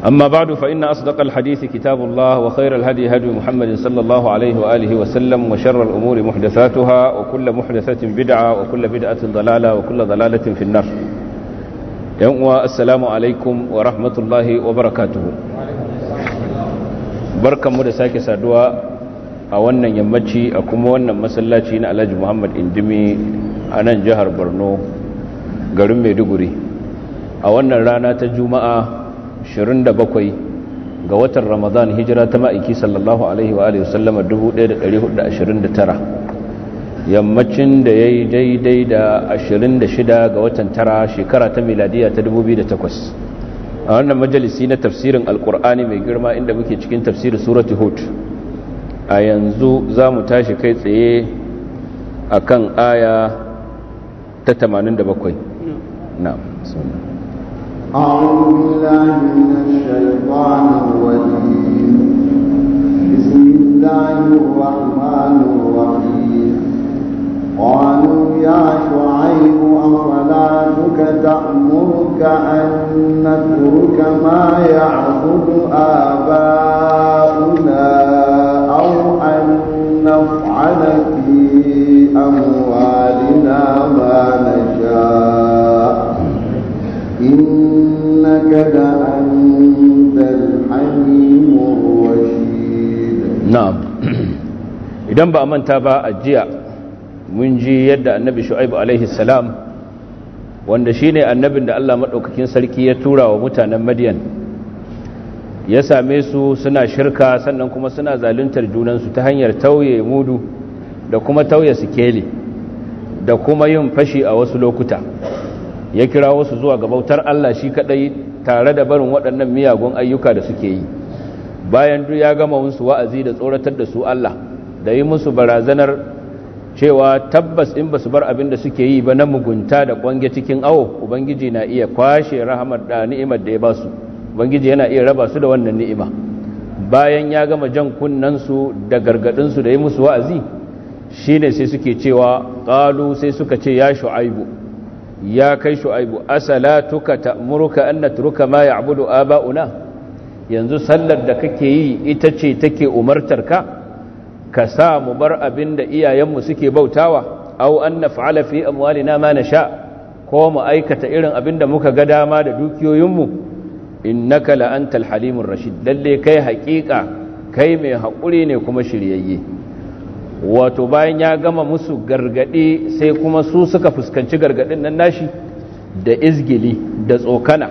أما بعد فإن أصدق الحديث كتاب الله وخير الهدي هدي محمد صلى الله عليه وآله وسلم وشر الأمور محدثاتها وكل محدثة بدعة وكل بدعة ضلالة وكل ضلالة في النار يوم السلام عليكم ورحمة الله وبركاته بركة مدساك سادوا أولا يمتشي أكم وانا مسلاتين على محمد اندمي أنا جهر برنو garin maiduguri a wannan rana ta juma'a 27 ga watan ramadan hijira ta ma'aiki sallallahu alaihi wa alihi wasallama 1429 yammacin da ya yi daidai da 26 ga watan tara shekara ta miladiya ta 2008 a wannan majalisi na tafsirin alkur'ani mai girma inda muke cikin tafsirin surati hud a yanzu za mu tashi kai tsaye a kan aya ta 87 na suna أعوذ بالله من الشيطان الرجيم بسم الله الرحمن الرحيم قالوا يا شعيب أصلاتك تأمرك أن نترك ما يعبد آباؤنا أو أن نفعل في idan ba manta ba a jiya mun ji yadda annabi shu'aibu alaihi salam wanda shi ne annabin da Allah maɗaukakin sarki ya tura wa mutanen madiyan ya same su suna shirka sannan kuma suna zaluntar junansu ta hanyar tauye mudu da kuma tauye sikeli da kuma yin fashi a wasu lokuta ya kira wasu zuwa gabautar Allah shi kaɗai tare da barin waɗannan miyagun ayyuka da suke yi bayan duk ya gama wunsu wa'azi da tsoratar da su Allah da yi musu barazanar cewa tabbas in ba su bar abin da suke yi ba na mugunta da kwange cikin awo ubangiji na iya kwashe rahamar da ni'imar da ya ba su ubangiji yana iya raba su da wannan ni'ima bayan ya gama jan kunnansu da gargadinsu da yi musu wa'azi shi ne sai suke cewa ƙalu sai suka ce ya shu'aibu ya kai shu'aibu asalatuka ta'muruka an turuka ma a aba'una yanzu sallar da kake yi ita ce take umartarka ka sa mu bar abin da iyayenmu suke bautawa au an na fa’ala fi na mana sha, ko mu aikata irin abin da muka ga dama da dukiyoyinmu inna ka la'antar halimur rashid lalle kai haƙiƙa kai mai haƙuri ne kuma shiryayye wato bayan ya gama musu gargaɗe sai kuma su suka fuskanci gargaɗin nan nashi da izgili da tsokana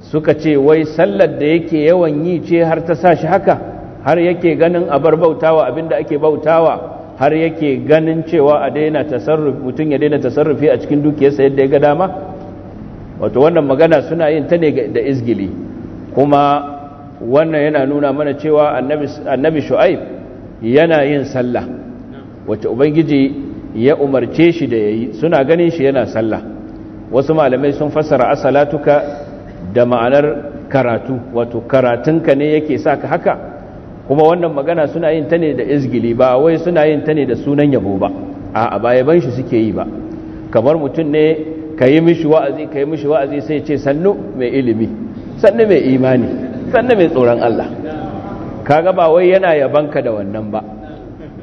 suka ce wai sallar da yake yawan yi ce har ta sa shi haka har yake ganin a bar bautawa abinda ake bautawa har yake ganin cewa a daina tasarrufi mutum ya daina tasarrufi a cikin dukiyarsa yadda ya ga dama wato wannan magana suna yin ta ne da izgili kuma wannan yana nuna mana cewa annabi shu'aib yana yin sallah wacce ubangiji ya umarce shi da yayi suna ganin shi yana sallah wasu malamai sun fassara asalatuka da ma'anar karatu wato karatunka ne yake saka haka kuma wannan magana suna yin ta ne da izgili ba wai suna yin ta ne da sunan yabo ba 'a ba ban shi suke yi ba kamar mutum ne ka yi mishi wa'azi ka yi mishi wa'azi sai ce sannu mai ilimi sannu mai imani sannu mai tsoron Allah kaga ba wai yana yabanka da wannan ba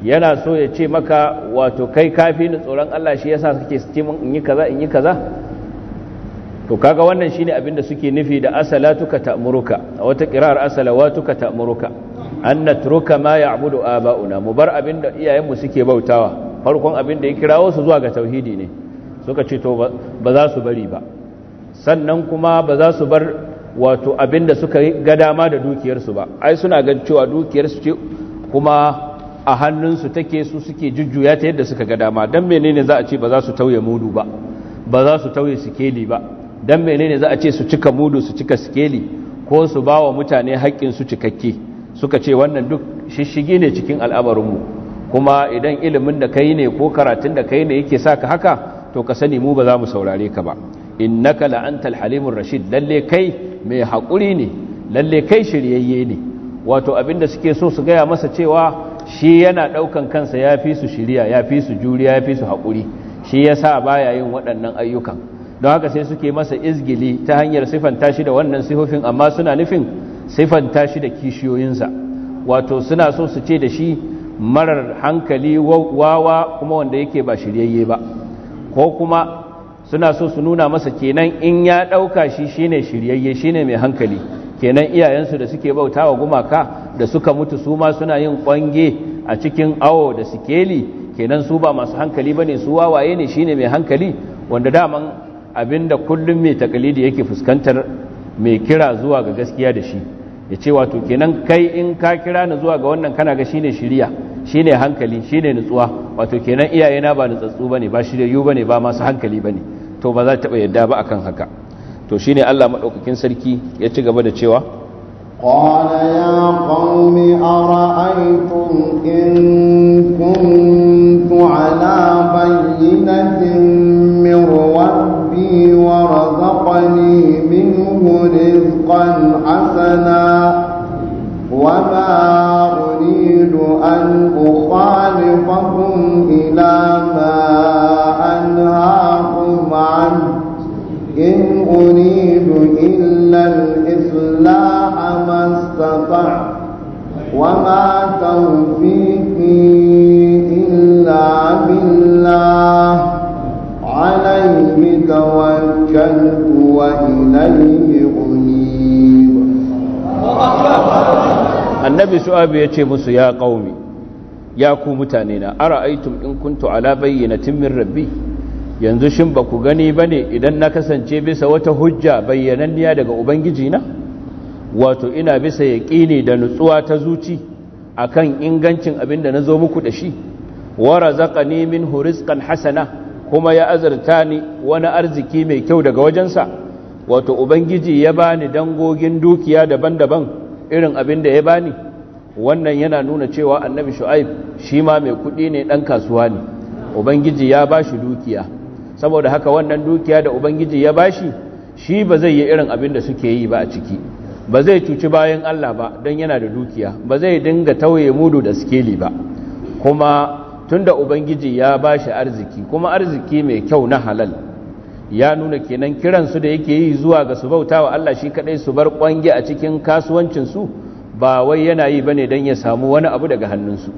yana so ya ce maka wato kai kafi ni tsoron Allah shi yasa kake ce min in yi kaza in yi kaza to kaga wannan shine abin da suke nufi da asalatuka ta'muruka a wata kirar asalawatuka ta'muruka an na turuka ma ya da aba'una mu bar abin da iyayenmu suke bautawa farkon abin da ya kirawo su zuwa ga tauhidi ne suka ce to ba za su bari ba sannan kuma ba za su bar wato abin da suka ga dama da dukiyarsu ba ai suna gan cewa dukiyarsu ce kuma a hannunsu take su suke jujjuya ta yadda suka ga dama don menene za a ce ba za su tauye mudu ba ba za su tauye sikeli ba don menene za a ce su cika mudu su cika sikeli ko su ba wa mutane haƙƙinsu cikakke suka ce wannan duk shishigi ne cikin al'amarinmu kuma idan ilimin da kai ne ko karatun da kai ne yake sa ka haka to ka sani mu ba za mu saurare ka ba innaka la'antal halimur rashid lalle kai mai haƙuri ne lalle kai shiryayye ne wato abinda suke so su gaya masa cewa shi yana ɗaukan kansa ya fi su shirya ya fi su juriya ya fi su haƙuri shi ya sa baya yin waɗannan ayyukan don haka sai suke masa izgili ta hanyar siffanta shi da wannan sifofin amma suna nufin sifanta shi da kishiyoyinsa wato suna so su ce da shi marar hankali wawa kuma wanda yake ba shiryayye ba ko kuma suna so su nuna masa kenan in ya ɗauka shi shine shiryayye shine mai hankali kenan iyayensu da suke bauta wa gumaka da suka mutu su ma suna yin kwange a cikin awo da sikeli kenan su ba masu hankali ba ne su wawaye ne shine mai hankali wanda daman abinda kullum mai takalidi yake fuskantar mai kira zuwa ga gaskiya da shi ya ce wato kenan kai in ka kira ni zuwa ga wannan kana ga shine shiriya shine hankali shine nutsuwa wato kenan iyayena ba nutsatsu bane ba shiryayyu bane ba masu hankali bane to ba za ta taba yadda ba akan haka to shine Allah maɗaukakin sarki ya ci gaba da cewa qala ya qaumi ara'aytum in kuntu ala bayyinatin min rabbi wa razaqani رزقا حسنا وما أريد أن أخالفكم إلى ما أنهاكم عنه إن أريد إلا الإصلاح ما استطعت وما توفيقي إلا بالله عليه توكلت وإليه annabi shu'abi ya ce musu ya ƙaumi ya ku mutane na ara ara'aytum in kuntu ala bayyana min rabbi yanzu shin ba ku gani ba ne idan na kasance bisa wata hujja bayyananniya daga ubangiji na wato ina bisa ƙini da nutsuwa ta zuci a kan ingancin abin da na zo muku da shi wa zaƙa nemin rizqan hasana kuma ya azarta ni wani arziki mai kyau daga wajensa wato ubangiji ya bani dangogin dukiya daban-daban irin abin da ya bani wannan yana nuna cewa annabi shu'aib shi ma mai kuɗi ne dan kasuwa ne ubangiji ya ba shi dukiya saboda haka wannan dukiya da ubangiji ya ba shi shi ba zai yi irin abin da suke yi ba a ciki ba zai cuci bayan allah ba don yana da dukiya ba zai dinga tauye mudu da sikeli ba kuma tunda ubangiji ya ba shi arziki kuma arziki mai kyau na halal ya nuna kenan kiransu da yake yi zuwa ga su bauta wa Allah shi kadai su bar kwange a cikin kasuwancinsu ba wai yana yi bane don ya samu wani abu daga hannunsu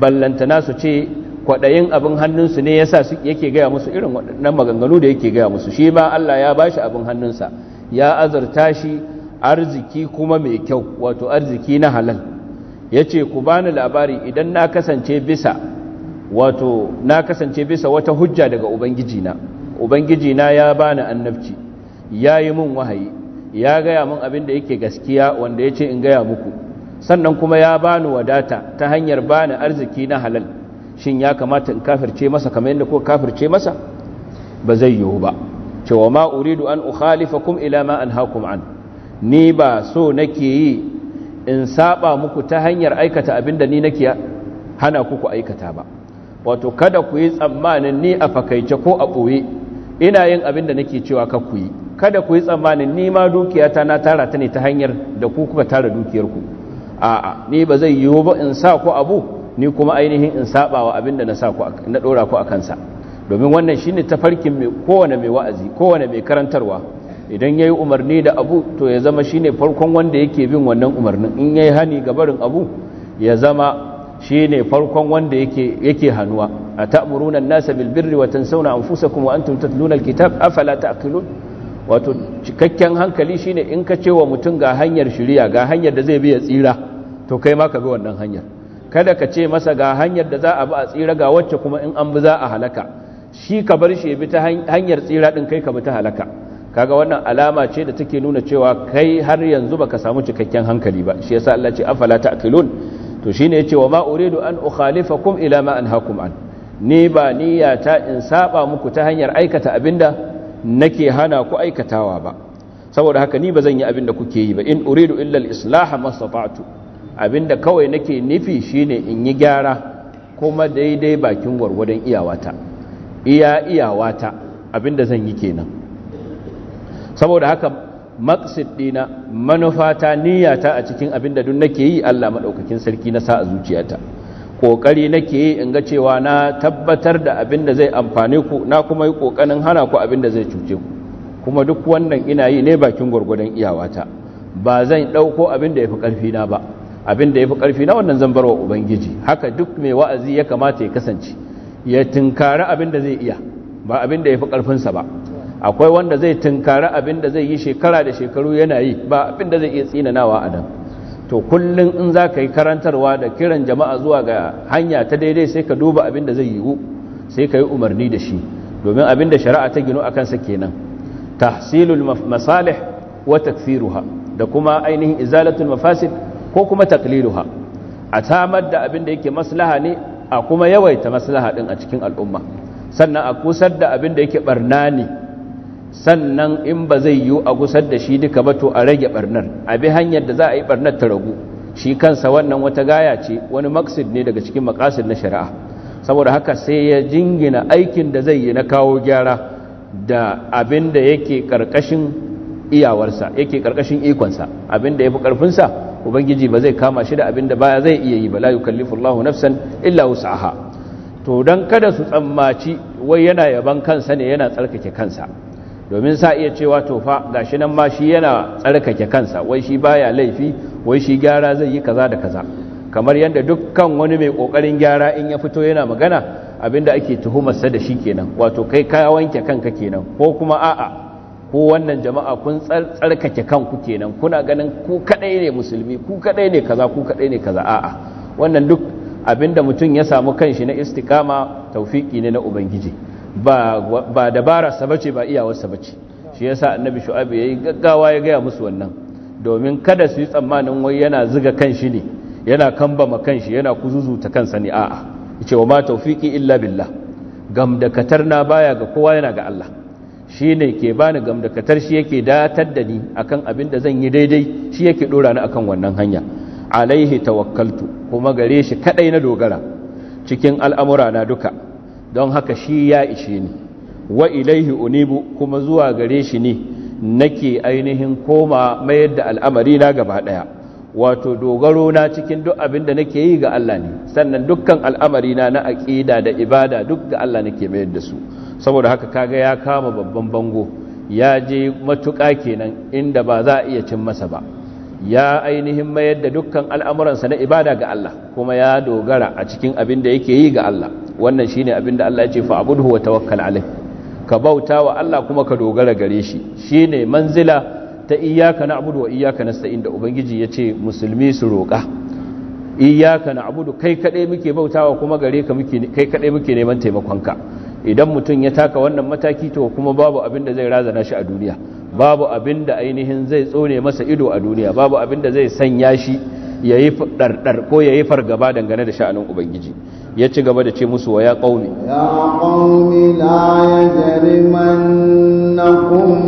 ballantana su ce kwaɗayin abin hannunsu ne yasa yake gaya musu irin waɗannan maganganu da yake gaya musu shi ma Allah ya ba shi abin hannunsa ya azurta shi arziki kuma mai kyau wato arziki na halal yace ku bani labari idan na kasance bisa wato na kasance bisa wata hujja daga ubangijina ubangiji na ya bani annabci ya yi min wahayi ya gaya mun abin da yake gaskiya wanda ya ce in gaya muku sannan kuma ya bani wadata ta hanyar bani arziki na halal shin ya kamata in kafirce masa kamar yadda kuka kafirce masa ba zai yiwu ba cewa ma uridu an ukhalifakum ila ma anhaakum an ni ba so nake yi in saba muku ta hanyar aikata abin da ni nake hana ku ku aikata ba wato kada ku yi tsammanin ni a fakaice ko a boye ina yin abin da nake cewa ka ku yi kada ku yi tsammanin ni ma dukiyata na tara ta ne ta hanyar da ku kuka tara ku a'a ni ba zai yiwu ba in sa ku abu ni kuma ainihin in sabawa wa abin da na sa ku na dora ku akan sa domin wannan shine tafarkin mai kowane mai wa'azi kowane mai karantarwa idan yayi umarni da abu to ya zama shine farkon wanda yake bin wannan umarnin in yayi hani ga barin abu ya zama shine farkon wanda yake yake hanuwa أتأمرون الناس بالبر وتنسون أنفسكم وأنتم تتلون الكتاب أفلا تأكلون wato cikakken hankali shine in ka ce wa mutum ga hanyar shiriya ga hanyar da zai bi ya tsira to kai ma ka bi wannan hanyar kada ka ce masa ga hanyar da za a bi a tsira ga wacce kuma in an bi za a halaka shi ka bar shi ya bi ta hanyar tsira din kai ka bi ta halaka kaga wannan alama ce da take nuna cewa kai har yanzu baka samu cikakken hankali ba shi yasa Allah ce afala ta'qilun to shine ce wa ma uridu an ukhalifakum ila ma anhaakum an ni ba niyyata in saba muku ta hanyar aikata abinda nake hana ku aikatawa ba saboda haka ni ba zan yi abinda kuke yi ba in uridu illa al-islaha mastata'tu abinda kawai nake nufi shine in yi gyara kuma daidai bakin gwargwadon iyawata iya iyawata abinda zan yi kenan saboda haka maqsid dina manufata niyyata a cikin abinda duk nake yi Allah madaukakin sarki na sa a zuciyata kokari nake yi in ga cewa na tabbatar da abin da zai amfane ku na kuma yi kokarin hana ku abin da zai cuce ku kuma duk wannan ina yi ne bakin gwargwadon iyawata ba zan dauko abin da yafi karfi na ba abin da yafi karfi na wannan zan barwa ubangiji haka duk mai wa'azi ya kamata ya kasance ya tinkara abin da zai iya ba abin da yafi karfin sa ba akwai wanda zai tinkara abin da zai yi shekara da shekaru yana yi ba abin da zai iya tsinanawa a nan to kullum in za ka yi karantarwa da kiran jama'a zuwa ga hanya ta daidai sai ka duba abin da zai yiwu sai ka yi umarni da shi domin abin da shari'a ta gino a kansa kenan tahsilul masalih wa takfiruha da kuma ainihin izalatul mafasid ko kuma taqliluha a tamar da abin da yake maslaha ne a kuma yawaita maslaha din a cikin al'umma sannan a kusar da abin da yake barna ne sannan in ba zai yiwu a gusar da shi duka bato a rage barnar a bi hanyar da za a yi barnar ta ragu shi kansa wannan wata gaya ce wani maksid ne daga cikin makasid na shari'a saboda haka sai ya jingina aikin da zai yi na kawo gyara da abin da yake karkashin iyawarsa yake karkashin ikonsa abin da ya fi karfinsa ubangiji ba zai kama shi da abin da baya zai iya yi ba la yukallifullahu nafsan illa wusaha to dan kada su tsammaci wai yana yaban kansa ne yana tsarkake kansa domin sa iya cewa tofa fa gashi nan ma shi yana tsarkake kansa wai shi baya laifi wai shi gyara zai yi kaza da kaza kamar yadda dukkan wani mai kokarin gyara in ya fito yana magana abinda ake tuhumarsa da shi kenan wato kai ka wanke kanka kenan ko kuma a'a ko wannan jama'a kun tsarkake kanku kenan kuna ganin ku kadai ne musulmi ku kadai ne kaza ku kadai ne kaza a'a wannan duk abinda mutum ya samu kanshi na istikama taufiki ne na ubangiji ba dabararsa ba ce ba iyawarsa ba ce shi yasa annabi shu'abi ya yi gaggawa ya gaya musu wannan domin kada su yi tsammanin wai yana ziga kan shi ne yana kambama kan shi yana kuzuzuta kansa ne a'a ce wa ma taufiki illa billah gamdakatar na baya ga kowa yana ga Allah shi ne ke bani gamdakatar shi yake datar da ni akan abin da zan yi daidai shi yake dora ni akan wannan hanya alaihi tawakkaltu kuma gare shi kadai na dogara cikin al'amura na duka don haka shi ya ishe ni wa ilaihi unibu kuma zuwa gare shi ne nake ainihin koma mayar da al'amari na gaba daya wato dogaro na cikin duk abin da nake yi ga Allah ne sannan dukkan al'amari na na aqida da ibada duk ga Allah nake mayar da su saboda haka kaga ya kama babban bango ya je matuƙa kenan inda ba za a iya cin masa ba ya ainihin mayar da dukkan al'amuransa na ibada ga Allah kuma ya dogara a cikin abin da yake yi ga Allah wannan shi abin da Allah ya ce fa abudhu wa tawakkal alai ka bauta wa Allah kuma ka dogara gare shi Shi ne manzila ta iyaka na abudu wa na sa'in da ubangiji ya ce musulmi su roƙa Iyaka na abudu kai kadai muke bautawa kuma gare ka kai kadai muke neman taimakonka idan mutum ya taka wannan mataki to kuma babu abin da zai razana shi a duniya babu abin da ainihin zai tsone masa ido a duniya babu abin da zai sanya shi ya yi ɗarɗar ko ya yi fargaba dangane da sha'anin ubangiji ya ci gaba da ce musu wa ya ƙaumi ya ƙaumi la ya jari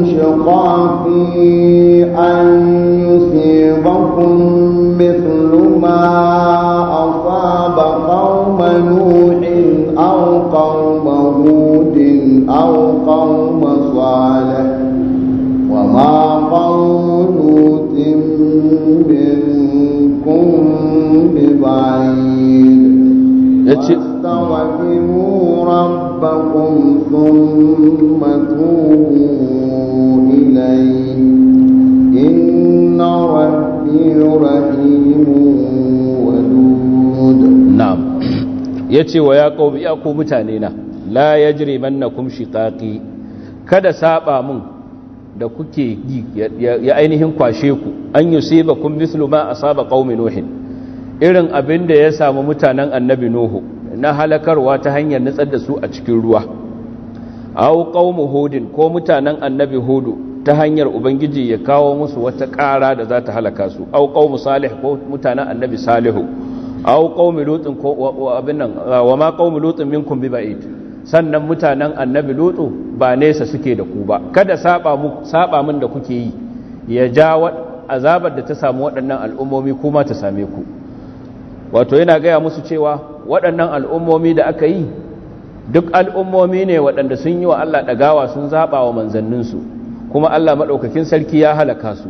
shi shiqafi an yusibakum mithlu a asaba qauma nuhin aw qauma hudin aw wa ma yace wa ya ya ku mutane na la ya jire mannakum shiqaqi kada saba mun da kuke yi ya ainihin kwashe ku an yusiba kun mislu ma asaba qaumi nuhin irin abin da ya samu mutanen annabi nuhu na halakarwa ta hanyar nutsar da su a cikin ruwa au qaumu hudin ko mutanen annabi hudu ta hanyar ubangiji ya kawo musu wata ƙara da za ta halaka su au qaumu salih ko mutanen annabi salihu au qaumu lutin ko abin nan wa ma qaumu min kumbi bi ba'id sannan mutanen annabi lutu ba nesa suke da ku ba kada saɓa min da kuke yi ya ja azabar da ta samu waɗannan al'ummomi kuma ta same ku wato yana gaya musu cewa waɗannan al'ummomi da aka yi duk al'ummomi ne waɗanda sun yi wa Allah ɗagawa sun zaɓa wa manzanninsu kuma Allah maɗaukakin sarki ya halaka su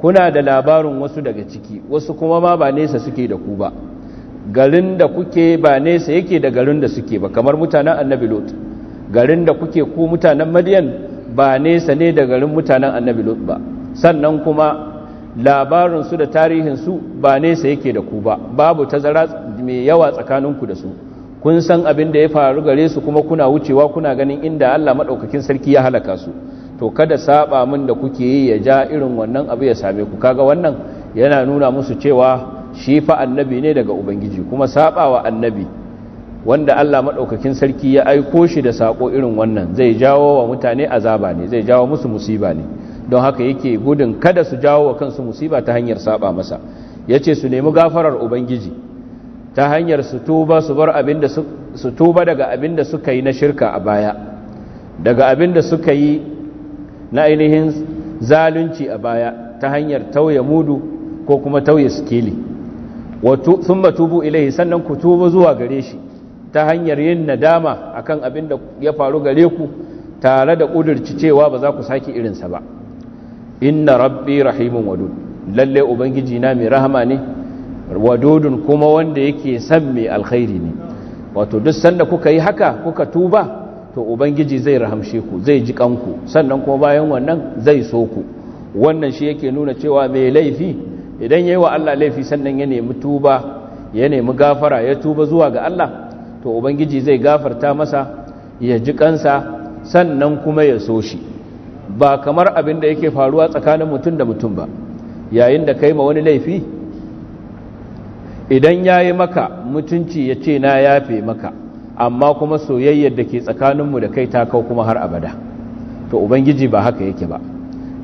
kuna da labarin wasu daga ciki wasu kuma ma ba nesa suke da ku ba garin da kuke ba nesa yake da garin da suke ba kamar mutanen annabi lot garin da kuke ku mutanen madiyan ba nesa ne da garin mutanen annabi lot ba sannan kuma labarinsu da tarihin su, ba nesa yake da ku ba babu tazara mai yawa tsakaninku da su kun san abin da ya faru gare su kuma kuna wucewa kuna ganin inda Allah maɗaukakin sarki ya halaka su to kada saba min da kuke yi ya ja irin wannan abu ya same ku kaga wannan yana nuna musu cewa shi fa annabi ne daga ubangiji kuma sabawa annabi wanda Allah maɗaukakin sarki ya aiko shi da sako irin wannan zai jawo wa mutane azaba ne zai jawo musu musiba ne don haka yake gudun kada su jawo wa kansu musiba ta hanyar saba masa ya ce su nemi gafarar ubangiji ta hanyar su tuba daga bar da daga abinda suka yi na shirka a baya daga abinda suka yi na ainihin zalunci a baya ta hanyar tauye mudu ko kuma tauye sikeli sun batubu ilai sannan ku tuba zuwa gare shi ta hanyar yin nadama akan abin da ya faru gare ku tare da ƙudurci cewa ba za ku sake irinsa ba inna rabbi rahimun wadud lalle ubangiji na mai rahama ne wadudun kuma wanda yake san mai alkhairi ne wato duk sanda kuka yi haka kuka tuba to ubangiji zai rahamshe ku zai ji kanku sannan kuma bayan wannan zai so ku wannan shi yake nuna cewa mai laifi idan yayi wa Allah laifi sannan ya nemi tuba ya nemi gafara ya tuba zuwa ga Allah to ubangiji zai gafarta masa ya ji kansa sannan kuma ya so shi ba kamar abin da yake faruwa tsakanin mutum da mutum ba yayin da kai ma wani laifi idan ya yi maka mutunci ya ce na yafe maka amma kuma soyayyar da ke tsakaninmu da kai ta kau kuma har abada to ubangiji ba haka yake ba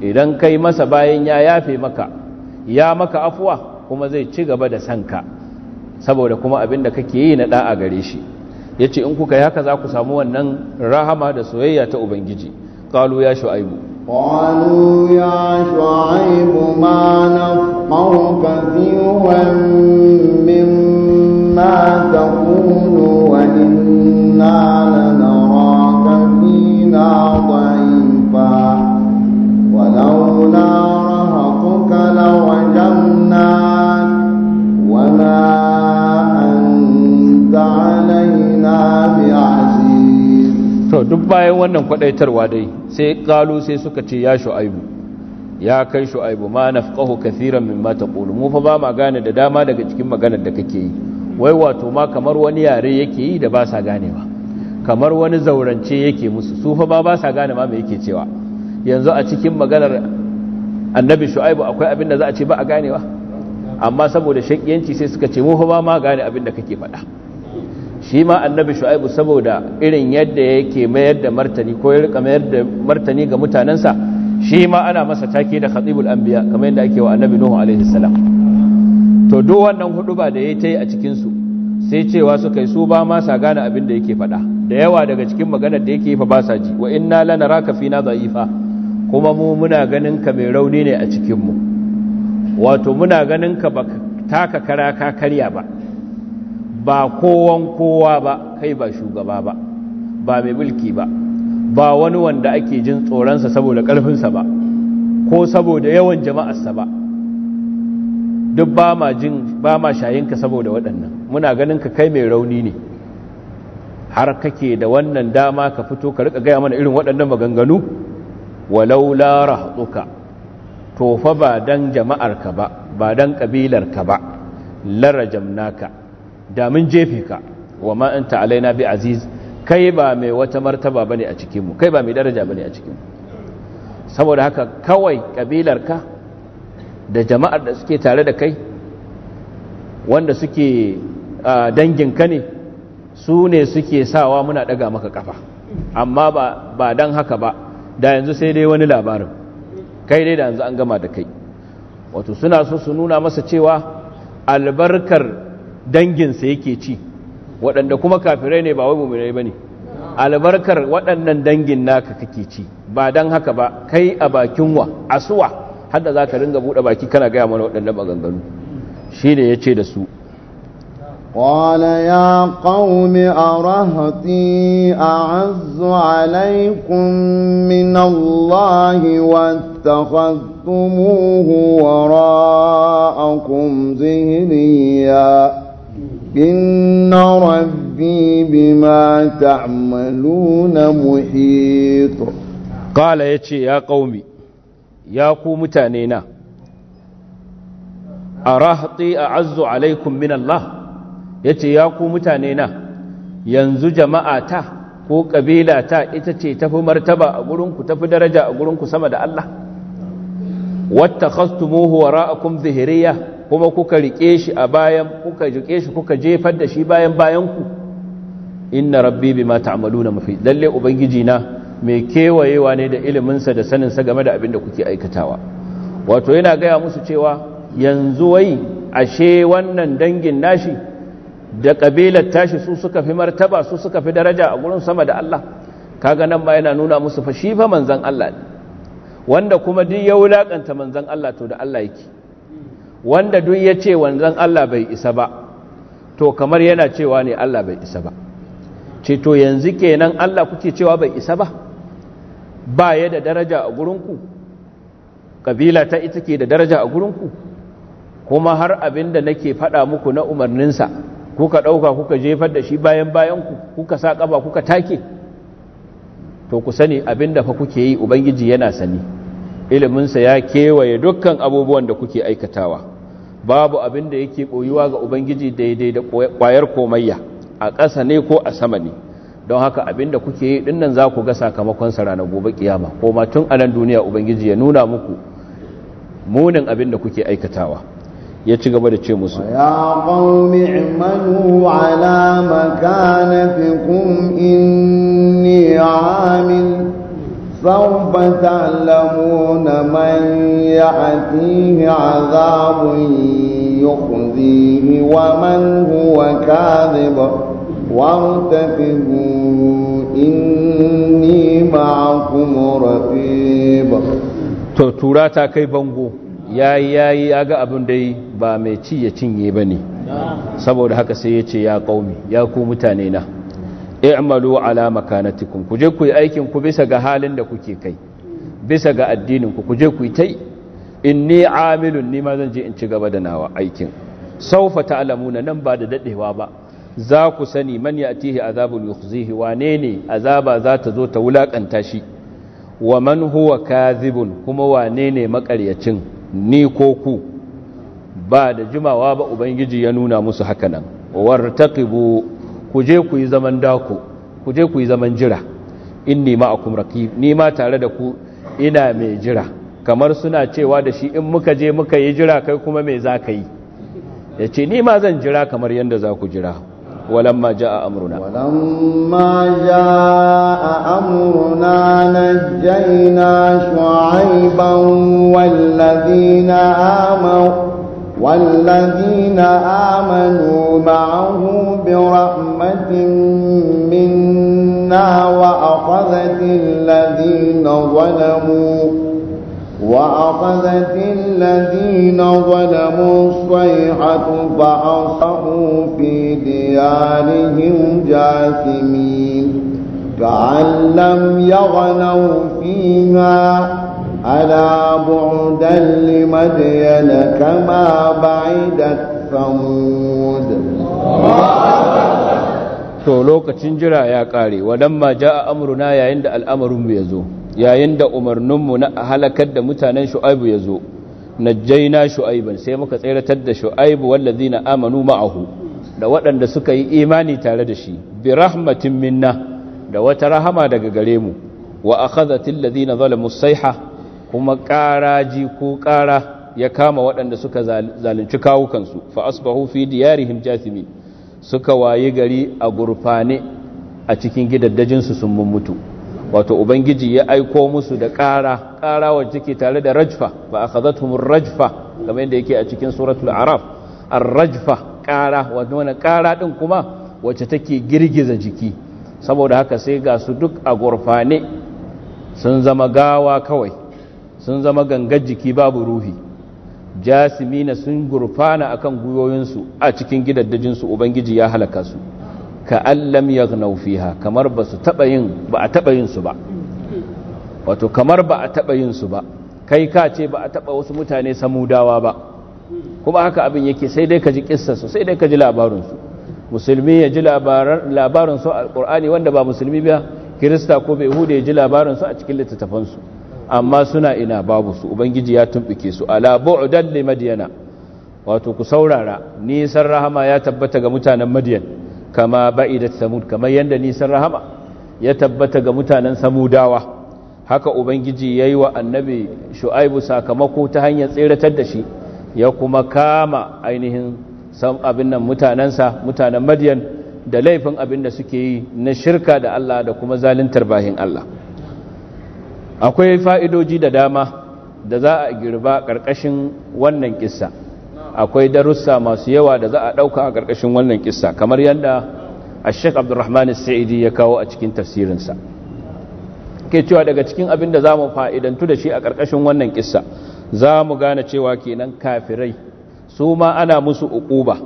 idan kai masa bayan ya yafe maka ya maka afuwa kuma zai ci gaba da sanka saboda kuma abin da kake yi na ɗa a gare shi ya ce in kuka yi haka za ku samu wannan rahama da soyayya ta ubangiji قالوا يا شعيب قالوا يا شعيب ما نفقه كثيرا مما تقول وإنا لنراك فينا ضعيفا ولولا to duk bayan wannan kwadaitarwa dai sai kalu sai suka ce ya shu'aibu ya kai shu'aibu ma nafqahu kathiran mimma taqulu mu fa ba ma gane da dama daga cikin maganar da kake yi wai wato ma kamar wani yare yake yi da ba sa ganewa kamar wani zaurance yake musu su fa ba ba sa gane ma me yake cewa yanzu a cikin maganar annabi shu'aibu akwai abin da za a ce ba a ganewa amma saboda shakiyanci sai suka ce mu fa ba ma gane abin da kake faɗa shi ma annabi shu'aibu saboda irin yadda yake mayar da martani ko ya rika mayar da martani ga mutanensa shi ma ana masa take da khatibul anbiya kamar yadda ake wa annabi nuhu alaihi salam to duk wannan ba da yayi a cikin su sai cewa su kai su ba ma sa gane abin da yake faɗa da yawa daga cikin maganar da yake fa ba sa ji wa inna lanaraka fina dha'ifa kuma mu muna ganin ka mai rauni ne a cikin mu wato muna ganin ka baka taka kara ka karya ba ba kowan kowa ba kai ba shugaba ba ba mai mulki ba ba wani wanda ake jin tsoronsa saboda ƙarfinsa ba ko saboda yawan jama'arsa ba duk ba ma jin ba ma shayinka saboda waɗannan muna ganin ka kai mai rauni ne har kake da wannan dama ka fito ka rika gaya mana irin waɗannan maganganu walau lara tsuka to ba dan jama'arka ba ba dan ƙabilarka ba lara jamnaka. da mun jefi ka wa ma anta alaina bi aziz kai ba mai wata martaba bane a cikin kai ba mai daraja bane a cikin saboda haka kawai kabilar ka da jama'ar da suke tare da kai wanda suke dangin ka ne su ne suke sawa muna daga maka kafa amma ba ba dan haka ba da yanzu sai dai wani labarin kai dai da yanzu an gama da kai wato suna so su nuna masa cewa albarkar danginsa yake ci waɗanda kuma kafirai ne ba wai muminai ba ne albarkar waɗannan dangin naka kake ci ba don haka ba kai a bakin wa asuwa har da za ka ringa buɗe baki kana gaya mana waɗannan maganganu shi ne ya ce da su قال يا قوم أرهتي أعز عليكم من الله واتخذتموه وراءكم زهنياً إن ربي بما تعملون محيط قال يتي يا قومي يا قوم تانينا أرهطي أعز عليكم من الله يتي يا قوم تانينا ينزو جماعته ko kabila ta ita ce tafi martaba a gurinku tafi daraja a gurinku sama da Allah wata khastumuhu wara'akum kuma kuka rike shi a bayan kuka jike shi kuka jefar da shi bayan bayan ku inna rabbi bima ta'maluna mafi lalle ubangiji na mai kewayewa ne da iliminsa da sanin sa game da abin da kuke aikatawa wato yana gaya musu cewa yanzu wai ashe wannan dangin nashi da kabilar tashi su suka fi martaba su suka fi daraja a gurin sama da Allah kaga nan ba yana nuna musu fa shi fa manzon Allah wanda kuma duk ya wulakanta manzon Allah to da Allah yake wanda duk ya ce wanzan Allah bai isa ba to kamar yana cewa ne Allah bai isa ba ce to yanzu kenan Allah kuke cewa bai isa ba ba ya da daraja a gurinku kabila ta ita ke da daraja a gurinku kuma har abin da nake faɗa muku na umarninsa kuka ɗauka kuka jefar da shi bayan bayanku kuka sa kaba kuka take to ku sani abin da fa kuke yi ubangiji yana sani iliminsa ya kewaye dukkan abubuwan da kuke aikatawa babu abin da yake koyuwa ga ubangiji daidai da kwayar komayya a ƙasa ne ko a sama ne don haka abin da kuke yi nan za ku ga sakamakonsa sa ranar gobe kiyama ko ma tun a nan duniya ubangiji ya nuna muku munin abin da kuke aikatawa ya ci gaba da ce musu ya qaumi imanu ala makanatikum inni amin. سوف تعلمون من يأتيه عذاب يخزيه ومن هو كاذب وارتكبوا إني معكم رقيب to tura ta kai bango yayi yayi aga abin dai ba mai ci ya cinye bane saboda haka sai ya ce ya kaumi ya ku mutane na i'malu ala makanatikum ku ku yi aikin ku bisa ga halin da kuke kai bisa ga addinin ku kuje je ku yi tai inni amilun ni ma zan je in ci gaba da nawa aikin saufa ta'lamuna nan ba da dadewa ba za ku sani man ya'tihi azabul yukhzihi wane ne azaba za ta zo ta wulakanta shi wa man huwa kadhibun kuma wane ne makaryacin ni ko ku ba da jimawa ba ubangiji ya nuna musu haka nan wartaqibu ku je ku yi zaman dako ku je ku yi zaman jira inni ma'akum raqib ni ma tare da ku ina mai jira kamar suna cewa da shi in muka je muka yi jira kai kuma me za ka yi ce ni ma zan jira kamar yanda za ku jira ولما جاء أمرنا ولما جاء أمرنا نجينا شعيبا والذين آمنوا والذين آمنوا معه برحمة منا وأخذت الذين ظلموا وأخذت الذين ظلموا الصيحة فأصبحوا في ديارهم جاثمين كأن لم يغنوا فيها ألا بعدا لمدين كما بعدت ثمود to lokacin jira ya kare walamma jaa amruna yayin da al'amarin mu yazo yayin da umarnin mu na halakar da mutanen shu'aibu yazo najjayna shu'aiban sai muka tsiratar da shu'aibu wallazina amanu ma'ahu da waɗanda suka yi imani tare da shi bi rahmatin minna da wata rahama daga gare mu wa akhadhatil ladina zalamu sayha kuma ƙaraji ko ƙara ya kama waɗanda suka zalunci kawukansu fa asbahu fi diyarihim jathimin suka waye gari a gurfane a cikin gidaddajinsu sun mummutu wato ubangiji ya aiko musu da ƙara ƙara wacce ke tare da rajfa ba a rajfa kamar yadda yake a cikin suratul araf an rajfa ƙara wato wani ƙara ɗin kuma wacce take girgiza jiki saboda haka sai ga su duk a gurfane sun zama gawa kawai sun zama gangar jiki babu ruhi jasimina sun gurfana akan guyoyinsu a cikin gidaddajinsu ubangiji ya halaka su ka allam fiha kamar ba su taba yin ba a taba yin su ba wato kamar ba a taba yin su ba kai ka ce ba a taba wasu mutane samudawa ba kuma haka abin yake sai dai ka ji kissarsu sai dai ka ji labarinsu musulmi ya ji labarinsu a alkur'ani wanda ba musulmi ba kirista ko bai hude ya ji labarinsu a cikin littattafansu amma suna ina babu su ubangiji ya tumbuke su ala bu'dan li madyana wato ku saurara nisan rahama ya tabbata ga mutanen madyan kama ba'idat samud kamar yanda nisan rahama ya tabbata ga mutanen samudawa haka ubangiji yayi wa annabi shu'aibu sakamako ta hanyar tseratar da shi ya kuma kama ainihin san abin nan mutanensa mutanen madyan da laifin abin da suke yi na shirka da Allah da kuma zaluntar bahin Allah akwai fa'idoji da dama da za a girba ƙarƙashin wannan ƙisa akwai darussa masu yawa da za a ɗauka a ƙarƙashin wannan kisa, kamar yadda ashek abdurrahman sa'idi ya kawo a cikin tafsirinsa ke cewa daga cikin abin da za mu fa'idantu da shi a ƙarƙashin wannan ƙisa za mu gane cewa kenan kafirai su ma ana musu uquba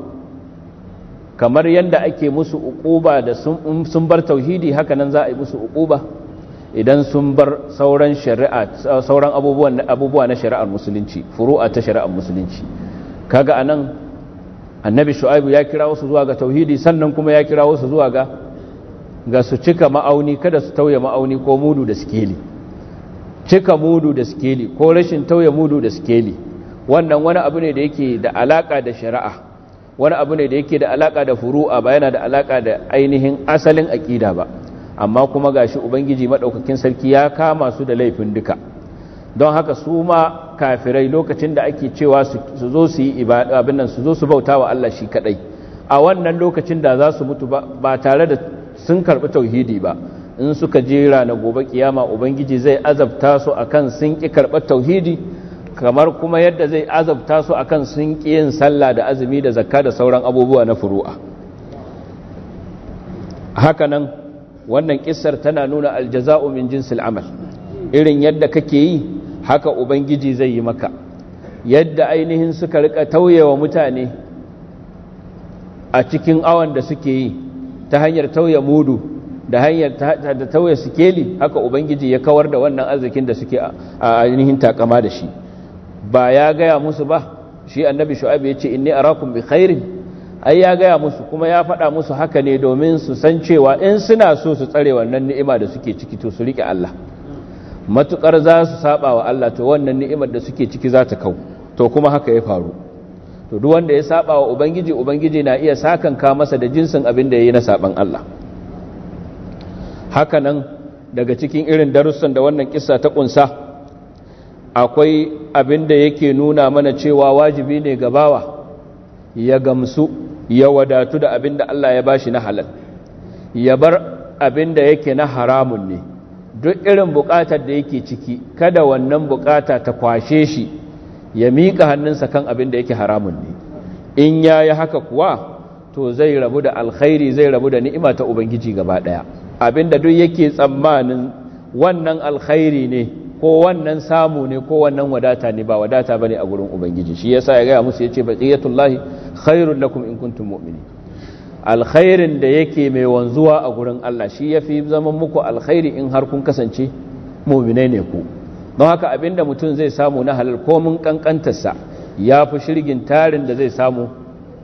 kamar yadda ake musu uquba da sun bar tauhidi haka nan za a yi musu uquba idan sun bar sauran shari'a sauran abubuwa na shari'ar musulunci furu'a ta shari'ar musulunci kaga anan annabi shu'aibu ya kira wasu zuwa ga tauhidi sannan kuma ya kira wasu zuwa ga ga su cika ma'auni kada su tauye ma'auni ko mudu da sikeli cika mudu da sikeli ko rashin tauye mudu da sikeli wannan wani abu ne da yake da alaka da shari'a wani abu ne da yake da alaka da furu'a ba yana da alaka da ainihin asalin aqida ba amma kuma ga shi ubangiji madaukakin sarki ya kama su da laifin duka don haka su ma kafirai lokacin da ake cewa su zo su yi abin nan su zo su bauta wa Allah shi kadai a wannan lokacin da za su mutu ba tare da sun karbi tauhidi ba in suka jera na gobe kiyama ubangiji zai azabta su akan sun ki karɓi tauhidi kamar kuma yadda zai azabta su akan sun ki yin sallah da azumi da zakka da sauran abubuwa na furu'a haka nan wannan kissar tana nuna aljaza'u min jinsil amal irin yadda kake yi haka ubangiji zai yi maka yadda ainihin suka rika tauyewa mutane a cikin awon da suke yi ta hanyar tauye mudu da hanyar da tauye sikeli haka ubangiji ya kawar da wannan arzikin da suke a ainihin takama da shi ba ya gaya musu ba shi annabi shu'aib ya ce inni arakum bi khairin ai ya gaya musu kuma ya faɗa musu haka ne domin su san cewa in suna so su tsare wannan ni'ima da suke ciki to su riƙe Allah matuƙar za su saba wa Allah to wannan ni'imar da suke ciki za ta kau to kuma haka ya faru to duk wanda ya saba wa ubangiji ubangiji na iya sakanka masa da jinsin abin da ya yi na saban Allah haka nan daga cikin irin darussan da wannan kissa ta kunsa akwai abin da yake nuna mana cewa wajibi ne ga ya gamsu ya wadatu da abin da Allah ya bashi na halal ya bar abin da yake na haramun ne duk irin bukatar da yake ciki kada wannan bukata ta kwashe shi ya miƙa hannunsa kan abin da yake haramun ne in ya yi haka kuwa to zai rabu da alkhairi zai rabu da ni'ima ta ubangiji gaba ɗaya abin da duk yake tsammanin wannan alkhairi ne ko wannan samu ne ko wannan wadata ne ba wadata bane a gurin ubangiji shi yasa ya gaya musu yace baqiyatullahi khairul lakum in kuntum mu'mini alkhairin da yake mai wanzuwa a gurin Allah shi yafi zaman muku alkhairi in har kun kasance mu'minai ne ku don haka abinda mutum zai samu na halal ko mun kankantarsa ya fi shirgin tarin da zai samu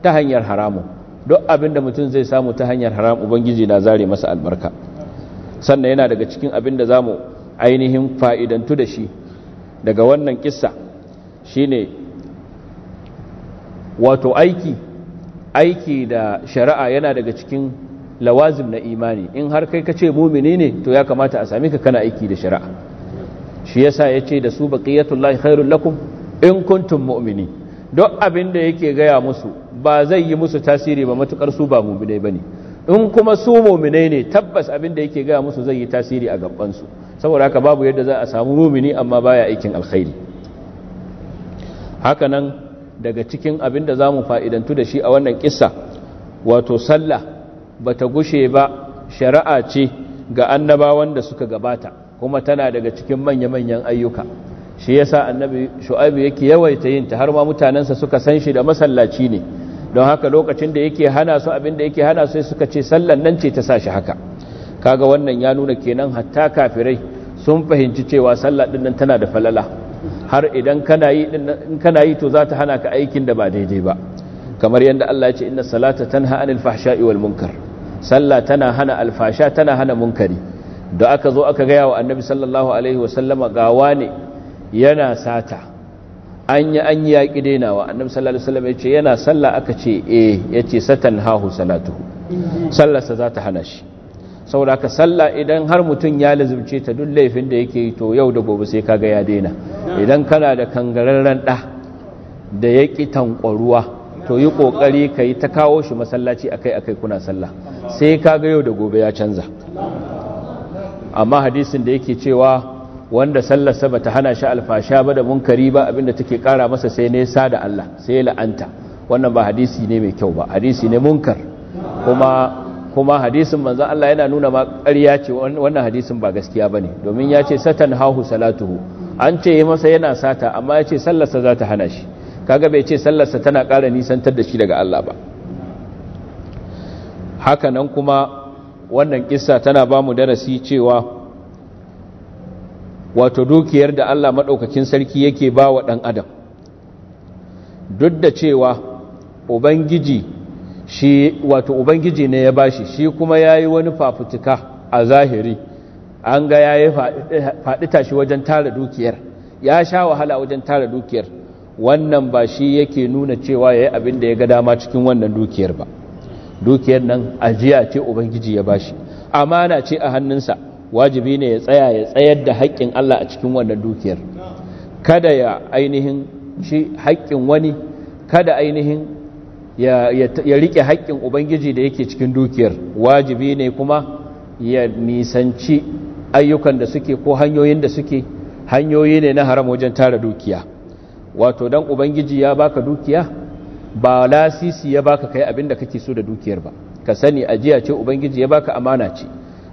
ta hanyar haramu duk abinda mutum zai samu ta hanyar haram ubangiji na zare masa albarka sannan yana daga cikin abinda zamu ainihin fa'idantu da shi daga wannan kissa ne wato aiki aiki da shari'a yana daga cikin lawazim na imani in har kai ka ce mumini ne to ya kamata a sami ka kana aiki da shari'a shi yasa ya ce da su baqiyatullahi khairun lakum in kuntun mu'mini Don abin da yake gaya musu ba zai yi musu tasiri ba matukar su ba ba ne. in kuma su muminai ne tabbas abin da yake gaya musu zai yi tasiri a gabansu saboda haka babu yadda za a samu mumini amma baya aikin alkhairi haka nan daga cikin abin da za mu fa'idantu da shi a wannan kisa, wato sallah ba ta gushe ba shari'a ce ga annabawan da suka gabata kuma tana daga cikin manya-manyan ayyuka shi yasa annabi shu'abi yake yawaita yin ta har ma mutanensa suka san shi da masallaci ne don haka lokacin da yake hana su abin da yake hana sai suka ce sallan nan ce ta sa shi haka kaga wannan ya nuna kenan hatta kafirai sun fahimci cewa sallah din nan tana da falala har idan kana yi in kana yi to za ta hana ka aikin da ba daidai ba kamar yadda Allah ya ce inna salata tanha anil fahsha'i wal munkar sallah tana hana alfasha tana hana munkari da aka zo aka ga yawo annabi sallallahu alaihi wasallama ga wane yana sata an yi an yi yaƙi dainawa annab sallallahu alaihi wasallam ya ce yana sallah aka ce eh yace satan hahu salatu sallarsa za ta hana shi saboda ka sallah idan har mutum ya lazumce ta duk laifin da yake yi to yau da gobe sai kaga ya daina idan kana da kangararren ɗa da ya ƙi tankwaruwa to yi ƙoƙari ka yi ta kawo shi masallaci akai akai kuna sallah sai kaga yau da gobe ya canza amma hadisin da yake cewa wanda sallarsa ba ta hana shi alfasha ba da munkari ba abinda take kara masa sai nesa da Allah sai la'anta wannan ba hadisi ne mai kyau ba hadisi ne munkar kuma kuma hadisin manzo Allah yana nuna ma ƙarya ce wannan hadisin ba gaskiya bane domin ya ce satan hahu salatuhu an ce masa yana sata amma ya ce sallarsa za ta hana shi kaga bai ce sallarsa tana ƙara nisantar da shi daga Allah ba haka nan kuma wannan kissa tana bamu darasi cewa wato dukiyar da Allah maɗaukakin sarki yake ba wa ɗan adam duk da cewa ubangiji shi wato ubangiji ne ya bashi shi kuma ya yi wani fafutuka a zahiri an ga ya yi faɗi tashi wajen tara dukiyar ya sha wahala wajen tara dukiyar wannan ba shi yake nuna cewa ya yi abin da ya ga dama cikin wannan dukiyar ba dukiyar nan ajiya ce ubangiji ya bashi amana ce a hannunsa wajibi ne ya tsaya ya tsayar da haƙƙin Allah a cikin wannan dukiyar kada ya ainihin shi haƙƙin wani kada ainihin ya, ya, rike haƙƙin ubangiji da yake cikin dukiyar wajibi ne kuma ya nisanci ayyukan da suke ko hanyoyin da suke hanyoyi ne na haram wajen tara dukiya wato dan ubangiji ya baka dukiya ba lasisi ya baka kai abin da kake so da dukiyar ba ka sani ajiya ce ubangiji ya baka amana ce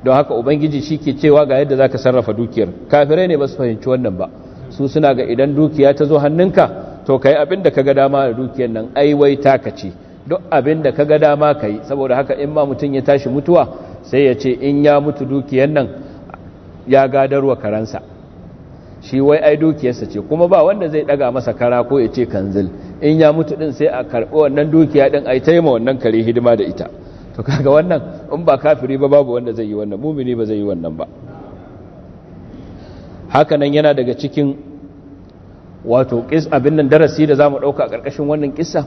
don haka ubangiji shi ke cewa ga yadda za ka sarrafa dukiyar kafirai ne ba su fahimci wannan ba su suna ga idan dukiya ta zo hannunka to ka yi abin da ka ga dama da dukiyar nan aiwai ka ce duk abin da ka ga dama ka yi saboda haka in ma mutum ya tashi mutuwa sai ya ce in ya mutu dukiyar nan ya gadar wa karansa shi wai ai dukiyarsa ce kuma ba wanda zai daga masa kara ko ya ce kanzil in ya mutu din sai a karɓi wannan dukiya din a yi taima wannan kare hidima da ita to kaga wannan in ba kafiri ba babu wanda zai yi wannan mumini ba zai yi wannan ba hakanan yana daga cikin wato kis abin nan darasi da zamu dauka a karkashin wannan kissa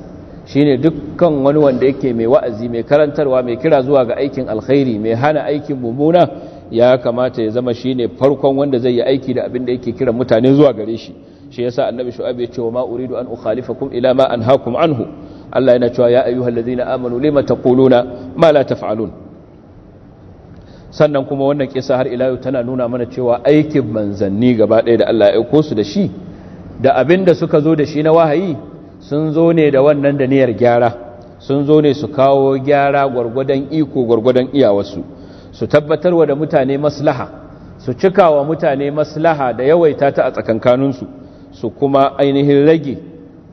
shine dukkan wani wanda yake mai wa'azi mai karantarwa mai kira zuwa ga aikin alkhairi mai hana aikin mumuna ya kamata ya zama shine farkon wanda zai yi aiki da abin da yake kira mutane zuwa gare shi shi yasa annabi shu'aib ya ce wa ma uridu an ukhalifakum ila ma anhaakum anhu Allah yana cewa ya ayyuhal ladina amanu lima taquluna ma la taf'alun sannan kuma wannan kisa har ila tana nuna mana cewa aikin manzanni gaba ɗaya da Allah ya aiko su da shi da abin da suka zo da shi na wahayi sun zo ne da wannan da niyyar gyara sun zo ne su kawo gyara gwargwadon iko gwargwadon iyawarsu su tabbatar tabbatarwa da mutane maslaha su cika wa mutane maslaha da yawaita ta a tsakankaninsu su kuma ainihin rage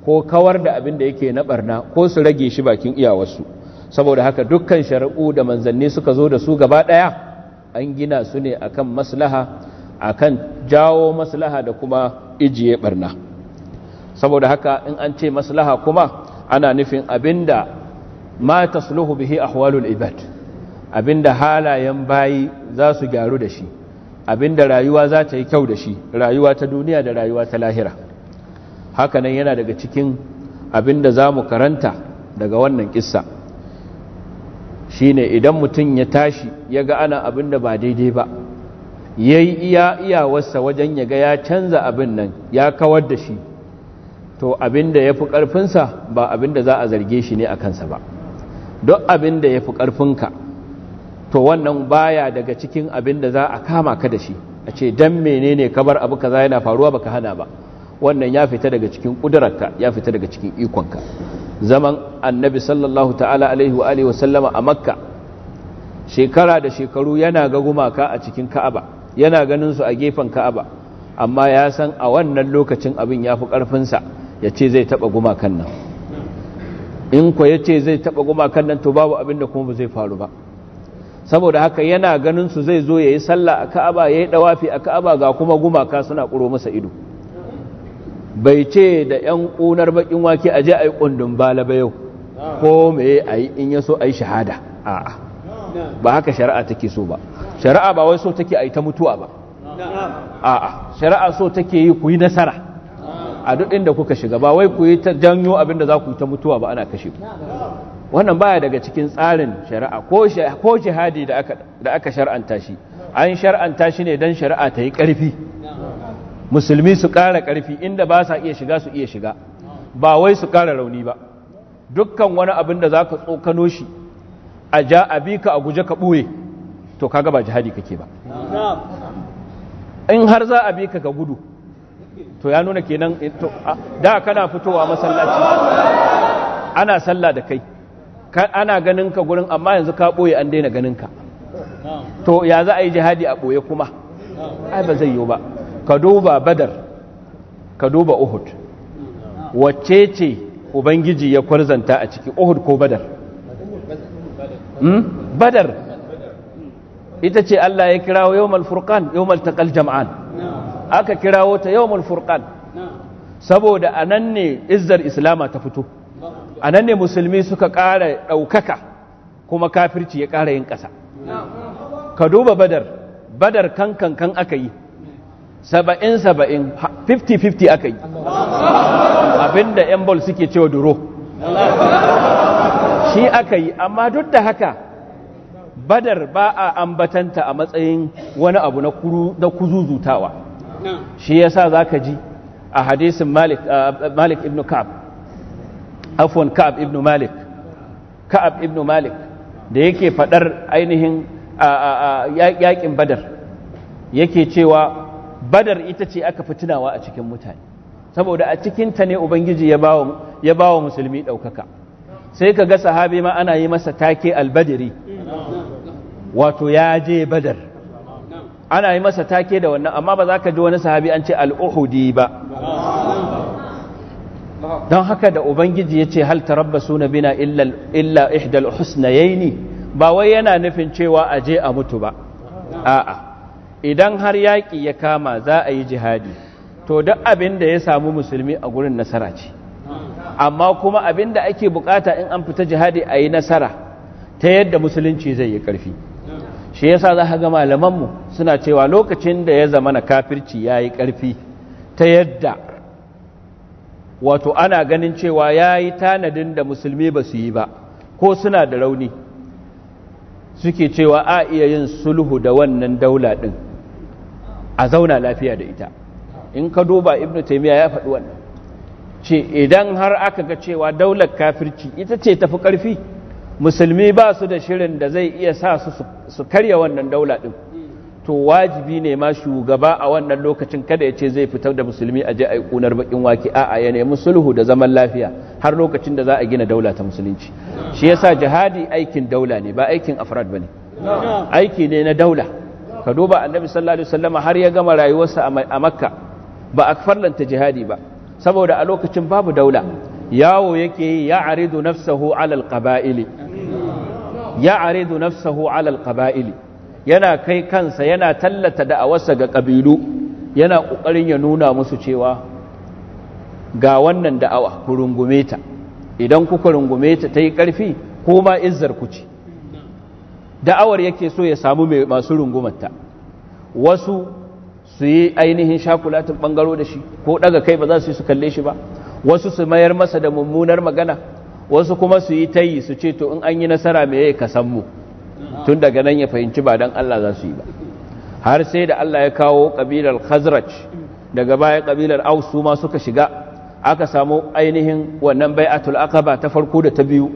ko kawar da abin da yake na barna ko su rage shi bakin iyawarsu saboda haka dukkan shari'u da manzanni suka zo da su gaba ɗaya an gina su ne akan maslaha akan jawo maslaha da kuma ijiye barna saboda haka in an ce maslaha kuma ana nufin abinda ma tasluhu bihi ahwalul ibad abinda halayen bayi za su gyaru da shi abinda rayuwa za ta yi kyau da shi rayuwa ta duniya da rayuwa ta lahira hakanan yana daga cikin abin da za mu karanta daga wannan kissa shine idan mutum ya tashi ya ga ana abin da ba daidai ba ya yi iya wasa wajen ya ga ya canza abin nan ya kawar da shi to abin da ya fi ƙarfinsa ba abin da za a zarge shi ne a kansa ba don abin da ya fi ƙarfinka to wannan baya daga cikin abin da za a kama ka da shi a ce don menene kabar abu ka za yana faruwa baka hana ba wannan ya fita daga cikin kudurarka, ya fita daga cikin ikonka zaman annabi sallallahu ta'ala alaihi wa sallama a makka shekara da shekaru yana ga gumaka a cikin ka'aba yana ganin su a gefen ka'aba amma ya san a wannan lokacin abin ya fi ƙarfinsa ya ce zai taɓa gumakan nan in kwa ya ce zai taɓa gumakan nan to babu abin da kuma ba zai faru ba saboda haka yana ganin su zai zo ya yi sallah a ka'aba ya yi ɗawafi a ka'aba ga kuma gumaka suna kuro masa ido bai ce da 'yan ƙunar baƙin wake a je a yi ƙundun bala ba yau ko mai a yi in yaso a yi shahada a'a ba haka shari'a take so ba shari'a ba wai so take a yi ta mutuwa ba a'a shari'a so take yi ku yi nasara a duk inda kuka shiga ba wai ku yi ta janyo abinda za ku yi ta mutuwa ba ana kashe ku wannan baya daga cikin tsarin shari'a ko jihadi da aka shari'anta shi an shari'anta shi ne don shari'a ta yi ƙarfi musulmi su ƙara ƙarfi inda ba sa iya shiga su iya shiga ba wai su ƙara rauni ba dukkan wani abin da za ka tsokano shi a ja a bi ka a guje ka ɓoye to kaga ba jihadi kake ba in har za a bi ka ga gudu to ya nuna kenan eh, da kana fitowa masallaci ana sallah da kai ana ganin ka gurin amma yanzu ka ɓoye an daina ganin ka to ya za a yi jihadi a ɓoye kuma ai ba zai yiwu ba ka duba badar ka duba uhud wacce ce ubangiji ya kwarzanta a ciki uhud ko badar hmm? badar ita ce Allah ya kirawo yawmal furqan yawmal taqal jama'an. aka kirawo ta yawmal furqan saboda nan ne izzar islama ta fito anan ne musulmi suka ƙara ɗaukaka kuma kafirci ya ƙara yin ƙasa ka duba badar badar kankan kan aka yi saba'in saba'in 50-50 aka yi abinda yan bol suke cewa duro shi aka yi amma duk da haka badar ba a ambatanta a matsayin wani abu na kuzuzutawa shi ya sa za ka ji a hadisin malik ibn ka'ab afwan ka'ab ibn malik ka'ab ibn malik da yake fadar ainihin yakin badar yake cewa badar ita ce aka fi tunawa a cikin mutane saboda a cikinta ne ubangiji ya ba wa musulmi ɗaukaka sai ka ga sahabi ma ana yi masa take albadiri wato ya je badar ana yi masa take da wannan amma ba za ka ji wani sahabi an ce al'uhudi ba don haka da ubangiji ya ce hal tarabbasu na bina illa ihdal husnayaini ba wai yana nufin cewa a je a mutu ba a'a idan har yaƙi ya kama za a yi jihadi to duk abin da ya samu musulmi a gurin nasara ce amma kuma abin da ake bukata in an fita jihadi a yi nasara ta yadda musulunci zai yi ƙarfi shi yasa za ka ga malamanmu suna cewa lokacin da ya zama na kafirci ya yi ƙarfi ta yadda wato ana ganin cewa ya yi tanadin da musulmi ba su yi ba ko suna da rauni suke cewa a iya yin sulhu da wannan daula ɗin a zauna lafiya da ita in ka duba ibnu taymiya ya faɗi wannan ce idan har aka ga cewa daular kafirci ita ce tafi ƙarfi musulmi ba su da shirin da zai iya sa su su karya wannan daula ɗin to wajibi ne ma shugaba a wannan lokacin kada ya ce zai fitar da musulmi a je a yi ƙunar bakin waki a'a ya nemi sulhu da zaman lafiya har lokacin da za a gina daula ta musulunci shi yasa jihadi aikin daula ne ba aikin afrad bane aiki ne na daula ka duba annabi sallallahu alaihi wasallam har ya gama rayuwarsa a makka ba a farlanta jihadi ba saboda a lokacin babu daula yawo yake yi ya aridu nafsahu alal qaba'ili ya aridu nafsahu yana kai kansa yana tallata da'awarsa ga kabilu yana kokarin ya nuna musu cewa ga wannan da'awa ku rungume ta idan kuka rungume ta tayi karfi ko ma izzar ku ce da'awar yake so ya samu mai masu rungumarta wasu su yi ainihin shakulatin bangaro da shi ko daga kai ba za su yi su kalle shi ba wasu su mayar masa da mummunar magana wasu kuma su yi tayi su ce to in an yi nasara me yayi ka san mu tun daga nan ya fahimci ba dan Allah za su yi ba har sai da Allah ya kawo kabilar Khazraj daga baya kabilar Aus su ma suka shiga aka samu ainihin wannan bai'atul aqaba ta farko da ta biyu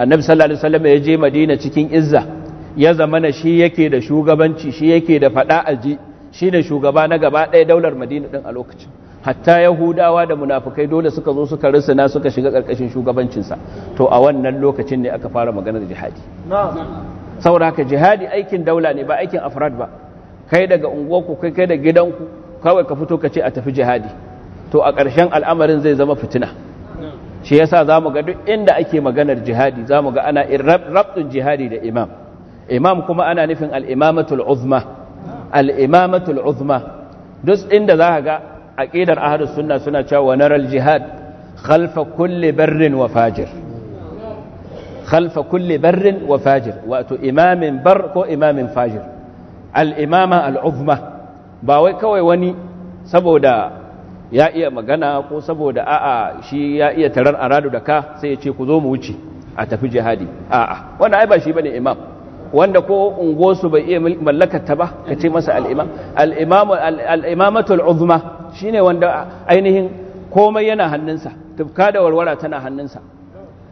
annabi sallallahu alaihi wasallam ya je Madina cikin izza ya zamana shi yake da shugabanci shi yake da fada aji shi ne shugaba na gaba ɗaya daular madina ɗin a lokacin hatta yahudawa da munafukai dole suka zo suka na suka shiga ƙarƙashin shugabancinsa to a wannan lokacin ne aka fara maganar jihadi Saura ka jihadi aikin daula ne ba aikin afrad ba kai daga unguwarku kai kai da gidanku kawai ka fito ka ce a tafi jihadi to a ƙarshen al'amarin zai zama fitina shi yasa za mu ga duk inda ake maganar jihadi za mu ga ana rabdin jihadi da imam imam kuma ana nufin al'imamatul uzma al'imamatul uzma duk inda za ka ga aƙidar ahadus sunna suna cewa naral jihad khalfa kulli barrin wa fajir khalfa kulli barrin wa fajir wato imamin bar ko imamin fajir al'imama al'uzma ba wai kawai wani saboda ya iya magana ko saboda a'a shi ya iya tarar aradu da ka sai ya ce ku zo mu wuce a tafi jihadi a'a wanda ai ba shi bane imam wanda ko unguwarsu bai iya mallakarta ba ka ce masa al'imam al'imamatul uzma shine wanda ainihin komai yana hannunsa tufka da warwara tana hannunsa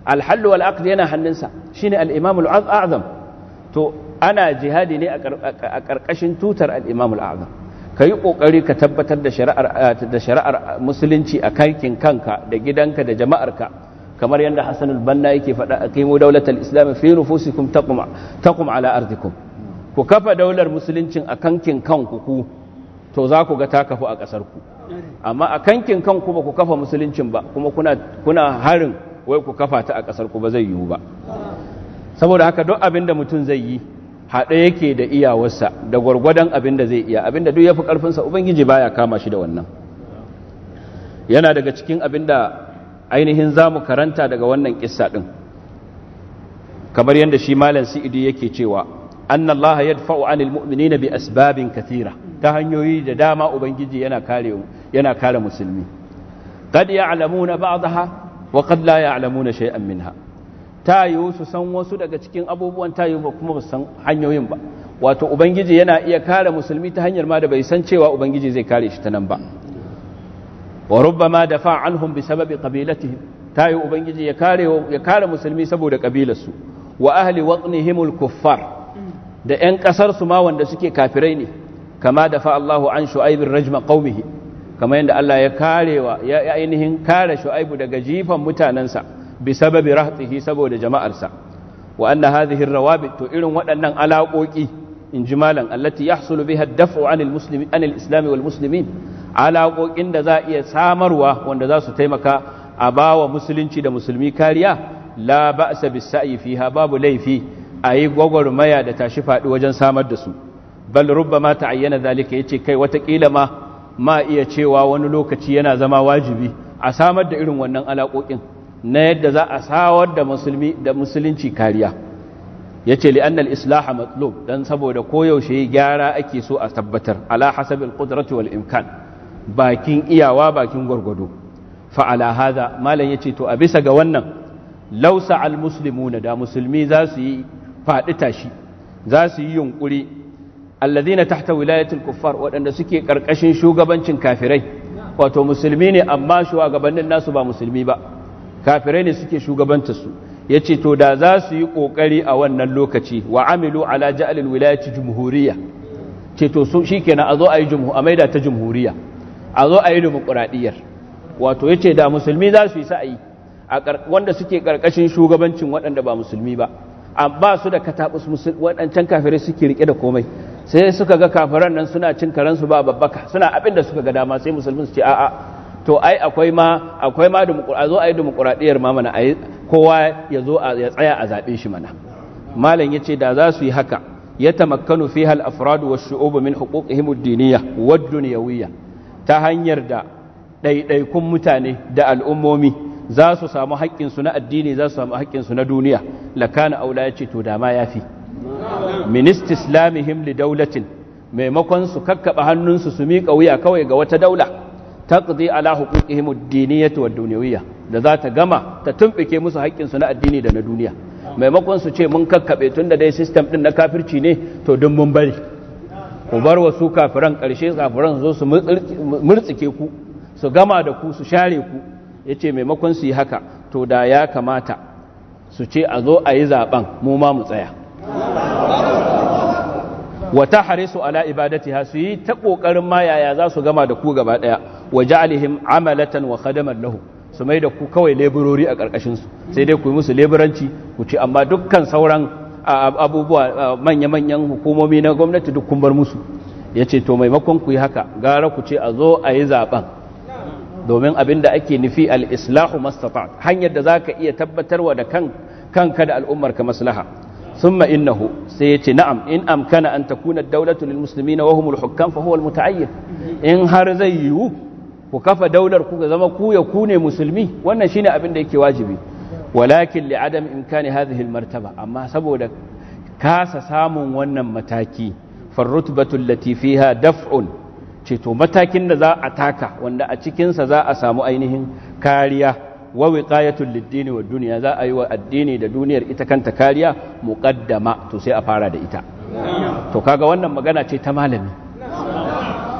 alhallu wal yana hannunsa shine al'imamul azam to ana jihadi ne a ƙarƙashin tutar al'imamul azam ka yi ƙoƙari ka tabbatar da shari'ar musulunci a kankin kanka da gidanka da jama'arka kamar yadda Hassan al-Banna yake faɗa mu daular islam fi nufusikum taqum taqum ala ardikum ku kafa daular musuluncin a kankin kanku ku to za ku ga ta kafu a ƙasar ku amma a kankin kanku ba ku kafa musuluncin ba kuma kuna kuna harin wai ku kafa ta a ƙasar ku ba zai yiwu ba saboda haka duk abin da mutum zai yi haɗe yake da iyawarsa da gwargwadon abin da zai iya abin da duk ya fi ƙarfinsa ubangiji baya kama shi da wannan yana daga cikin abin da ainihin za mu karanta daga wannan kissa ɗin kamar yadda shi malam si'idi yake cewa annallaha yadfa'u anil mu'minina bi asbabin kathira ta hanyoyi da dama ubangiji yana kare yana kare musulmi qad ya'lamuna ba'daha wa qad la ya'lamuna shay'an minha ta su san wasu daga cikin abubuwan ta yiwu kuma su san hanyoyin ba wato ubangiji yana iya kare musulmi ta hanyar ma da bai san cewa ubangiji zai kare shi ta nan ba wa rubbama dafa anhum bi sababi qabilatihim tayi ubangiji ya kare ya kare musulmi saboda kabilarsu wa ahli watnihimul kuffar da yan kasar su ma wanda suke kafirai ne kama dafa Allahu an shu'aibin rajma qaumihi kama yadda Allah ya karewa ya ainihin kare shu'aibu daga jifan mutanansa bi sababi rahtihi saboda jama'arsa wa anna hadhihi rawabit to irin waɗannan alaƙoƙi in ji malam allah yahsulu yi ad-daf'u 'anil muslimi 'anil islami wal muslimin alaƙoƙin da za a iya samarwa wanda za su taimaka a ba wa musulunci da musulmi kariya la sa’i fi fiha babu laifi a yi gwagwarmaya da tashi faɗi wajen samar da su bal rubba ta ta'ayyana zalika ya ce kai watakila ma ma iya cewa wani lokaci yana zama wajibi a samar da irin wannan alaƙoƙin na yadda za a sawar da musulmi da musulunci kariya yace li annal islaha matlub don saboda koyaushe gyara ake so a tabbatar ala hasabil qudrati wal imkan bakin iyawa bakin gwargwado fa'ala haza malam ce to a bisa ga wannan lausa al na, da musulmi za su yi faɗi tashi za su yi yunƙuri. allazi na tahta wilayatul kuffar waɗanda suke ƙarƙashin shugabancin kafirai wato musulmi ne amma shugabannin nasu ba musulmi ba kafirai ne suke shugabanta su yace to da za su yi ƙoƙari a wannan lokaci wa amilu ala ja'alil wilayati jumhuriyya ce to su shikenan a zo a yi jumhu a maida ta jumhuriyya a zo a yi dimokuraɗiyyar wato ya ce da musulmi za su yi sa'ayi wanda suke ƙarƙashin shugabancin waɗanda ba musulmi ba ba su da kataɓus waɗancan kafirai suke riƙe da komai sai suka ga kafiran nan suna cin karansu ba babbaka suna abin da suka ga dama sai musulmin su ce a'a to ai akwai ma akwai ma a zo a yi ma mana kowa ya zo ya tsaya a zaɓe shi mana malam ya ce da za su yi haka ya tamakkanu fi hal afradu wa shu'ubu min huquqihim ad-diniyya wad-dunyawiyya ta hanyar da ɗaiɗaikun mutane da al'ummomi za su samu haƙƙinsu na addini za su samu haƙƙinsu na duniya lakana aula ya ce to dama ya fi minist islamihim li daulatin maimakon su kakkaɓa hannunsu su miƙa wuya kawai ga wata daula ta ƙazi ala hukukihimu diniyatu wa duniyawiyya da za ta gama ta tumɓike musu haƙƙinsu na addini da na duniya maimakon su ce mun kakkaɓe tun da dai sistem ɗin na kafirci ne to duk mun bari ku bar wasu kafiran ƙarshe kafiran zo su murtsike ku su gama da ku su share ku ya ce maimakon su yi haka to da ya kamata su ce a zo a yi zaben mu ma mu tsaya wata hare su ala ibadati ha su yi ta ƙoƙarin ma yaya za su gama da ku gaba ɗaya wa ja'alihim amalatan wa khadamar lahu su mai da ku kawai leburori a ƙarƙashinsu sai dai ku yi musu leburanci ku ci amma dukkan sauran A abubuwa manya-manyan hukumomi na gwamnati duk kumbar musu ya ce to maimakon ku yi haka gara ku ce a zo a yi zaben domin abin da ake nufi Al-Islahu mastafa hanyar da za ka iya tabbatarwa da kanka da al’ummar ka maslaha sun ma’innahu sai ya ce na’am in amkana an takuna daulatunin musulmi na wahumul hukam fahowar muta’ayyar in har zai yiwu ku kafa daular ku zama ku ya ku musulmi wannan shine abin da yake wajibi walakin li'adam imkani hadhihi almartaba amma saboda kasa samun wannan mataki farrutbatu allati fiha daf'un ce matakin da za taka wanda a cikin sa za samu ainihin kariya wa wiqayatul lid-dini wa dunya za a yi wa addini da duniyar ita kanta kariya muqaddama to sai a fara da ita to kaga wannan magana ce ta malami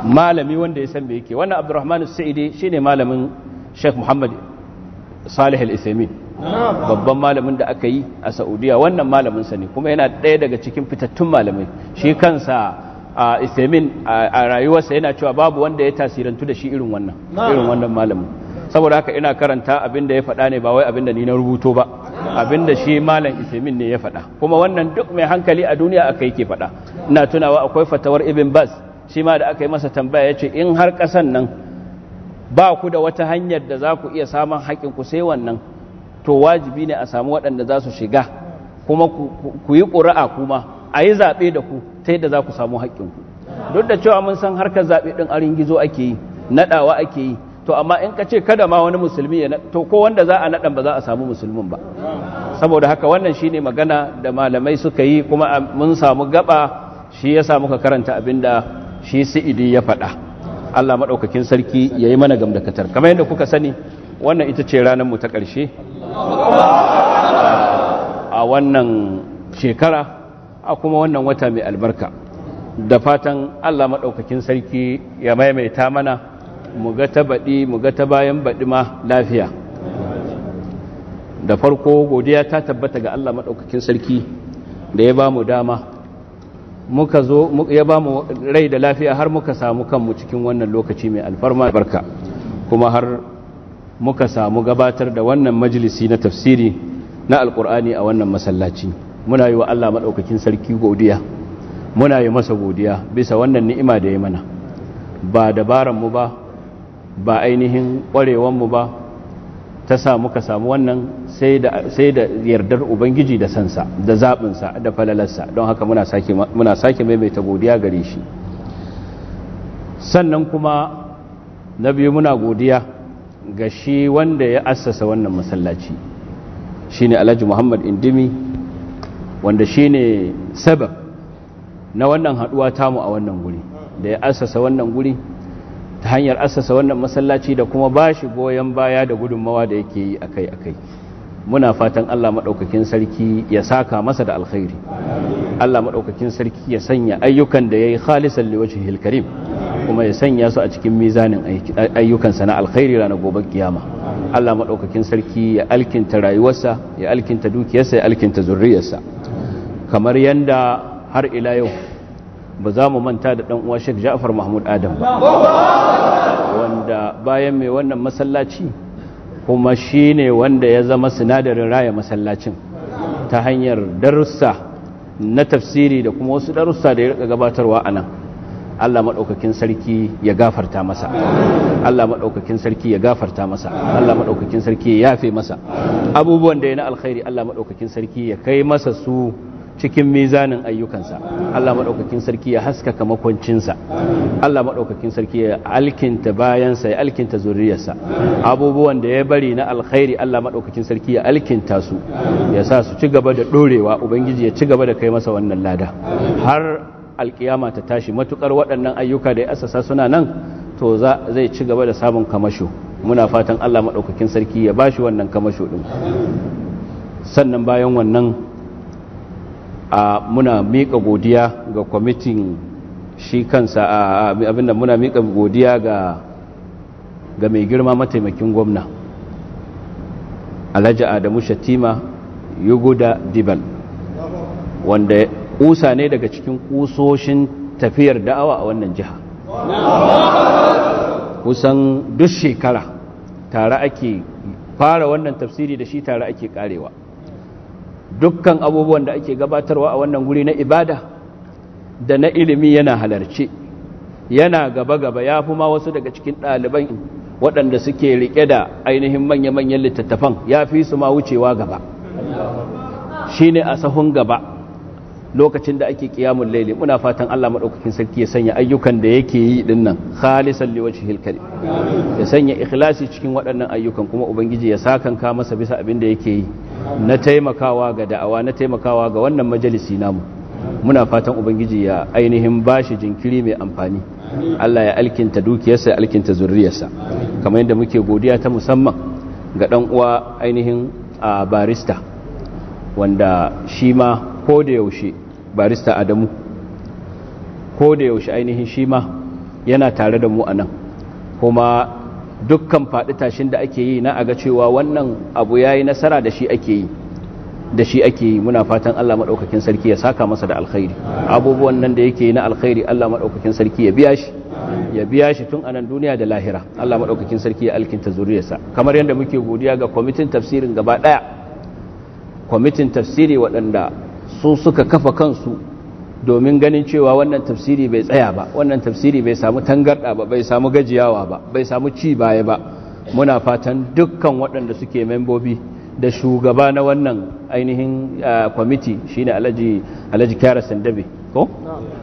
malami wanda ya san me yake wannan abdurrahman as-sa'idi shine malamin sheikh muhammad salih al-isamin babban malamin da aka yi a saudiya wannan malamin sa ne kuma yana ɗaya daga cikin fitattun malamai shi kansa a isemin a rayuwarsa yana cewa babu wanda ya tasirantu da shi irin wannan irin wannan malamin saboda haka ina karanta abin da ya faɗa ne ba wai abinda ni na rubuto ba Abin da shi malam isemin ne ya faɗa kuma wannan duk mai hankali a duniya aka ke faɗa ina tunawa akwai fatawar Ibin bas shi ma da aka yi masa tambaya ya ce in har ƙasan nan ba ku da wata hanyar da za ku iya samun haƙƙin ku sai wannan to wajibi ne a samu waɗanda za su shiga kuma ku yi ƙuri'a kuma a yi zaɓe da ku ta da za ku samu haƙƙinku duk da cewa mun san harkar zaɓe ɗin arin gizo ake yi naɗawa ake yi to amma in ka ce kada ma wani musulmi ya to ko wanda za a naɗan ba za a samu musulmin ba saboda haka wannan shi ne magana da malamai suka yi kuma mun samu gaɓa shi ya samu ka karanta abin da shi su'idi ya faɗa Allah maɗaukakin sarki ya yi mana gamdakatar kamar yadda kuka sani wannan ita ce ranar mu ta ƙarshe a wannan shekara a kuma wannan wata mai albarka da fatan Allah maɗaukakin sarki ya maimaita mana mu ga ta baɗi mu ga ta bayan baɗi ma lafiya da farko godiya ta tabbata ga Allah maɗaukakin sarki da ya ba mu dama muka zo ya ba mu rai da lafiya har muka samu kanmu cikin wannan lokaci mai alfarma barka kuma har muka samu gabatar da wannan majalisi na tafsiri na alkur'ani a wannan masallaci muna yi wa Allah maɗaukakin sarki godiya muna yi masa godiya bisa wannan ni'ima da ya mana ba dabaranmu ba ba ainihin ƙwarewanmu ba ta sa muka samu wannan sai da yardar ubangiji da sansa da zaɓinsa da falalarsa don haka muna sake maimaita godiya gare shi sannan kuma na biyu muna godiya ga shi wanda ya assasa wannan masallaci shine Alhaji Muhammad Indimi wanda shine sabab na wannan haduwa tamu a wannan guri da ya assasa wannan guri ta hanyar assasa wannan masallaci da kuma bashi goyon baya da gudunmawa da yake yi akai-akai muna fatan Allah maɗaukakin sarki ya saka masa da alkhairi Allah maɗaukakin sarki ya sanya ayyukan da ya yi khalisan liwajihil hilkarim kuma ya sanya su a cikin mizanin ayyukansa na alkhairi ranar gobe kiyama Allah maɗaukakin sarki ya alkinta rayuwarsa ya alkinta dukiyarsa ya alkinta zurriyarsa kamar yanda har ila yau ba za mu manta da ɗan uwa Sheikh Ja'far Mahmud Adam ba wanda bayan mai wannan masallaci kuma shine wanda ya zama sinadarin raya masallacin ta hanyar darussa na tafsiri da kuma wasu darussa da ya gabatarwa a nan Allah maɗaukakin sarki ya gafarta masa Allah maɗaukakin sarki ya gafarta masa Allah maɗaukakin sarki ya yafe masa abubuwan da ya na alkhairi Allah maɗaukakin sarki ya kai masa su cikin mizanin ayyukansa Allah maɗaukakin sarki ya haskaka makwancinsa Allah maɗaukakin sarki ya alkinta bayansa ya alkinta zuriyarsa abubuwan da ya bari na alkhairi Allah maɗaukakin sarki ya alkinta su ya sa su ci gaba da ɗorewa ubangiji ya ci gaba da kai masa wannan lada har alkiyama ta tashi matukar waɗannan ayyuka da ya asasa suna nan to zai ci gaba da samun kamasho muna fatan Allah maɗaukakin sarki ya bashi wannan kamasho ɗin sannan bayan wannan a muna miƙa godiya ga kwamitin shi kansa a abinda muna miƙa godiya ga mai girma mataimakin gwamna alhaji adamu shatima da diban wanda Kusa ne daga cikin kusoshin tafiyar da'awa a wannan jiha kusan duk shekara tare ake fara wannan tafsiri da shi tare ake karewa dukkan abubuwan da ake gabatarwa a wannan guri na ibada da na ilimi yana halarci yana gaba-gaba ya fi ma wasu daga cikin ɗaliban waɗanda suke riƙe da ainihin manya-manyan littattafan ya fi su ma wucewa gaba shi ne a sahun gaba lokacin da ake kiyamun laili muna fatan Allah maɗaukakin sarki ya sanya ayyukan da yake yi din nan khalisan liwaci hilkari ya sanya ikhlasi cikin waɗannan ayyukan kuma ubangiji ya sakan ka masa bisa abin da yake yi na taimakawa ga da'awa na taimakawa ga wannan majalisi namu muna fatan ubangiji ya ainihin bashi jinkiri mai amfani Allah ya alkinta dukiyarsa ya alkinta zurriyarsa kamar yadda muke godiya ta musamman ga ɗan uwa ainihin a barista wanda shi ma ko da yaushe barista adamu ko da yaushe ainihin shi ma yana tare da mu a nan kuma dukkan faɗi tashin da ake yi na aga cewa wannan abu ya yi nasara da shi ake yi da shi ake yi muna fatan Allah maɗaukakin sarki ya saka masa da alkhairi abubuwan nan da yake yi na alkhairi Allah maɗaukakin sarki ya biya shi ya biya shi tun anan duniya da lahira Allah maɗaukakin sarki ya alkinta zuriyarsa kamar yadda muke godiya ga kwamitin tafsirin gaba ɗaya kwamitin tafsiri waɗanda su suka kafa kansu domin ganin cewa wannan tafsiri bai tsaya ba wannan tafsiri bai samu tangarda ba bai samu gajiyawa ba bai samu ci baya ba muna fatan dukkan waɗanda suke membobi da shugaba na wannan ainihin kwamiti shine alhaji alhaji kyara sandabe ko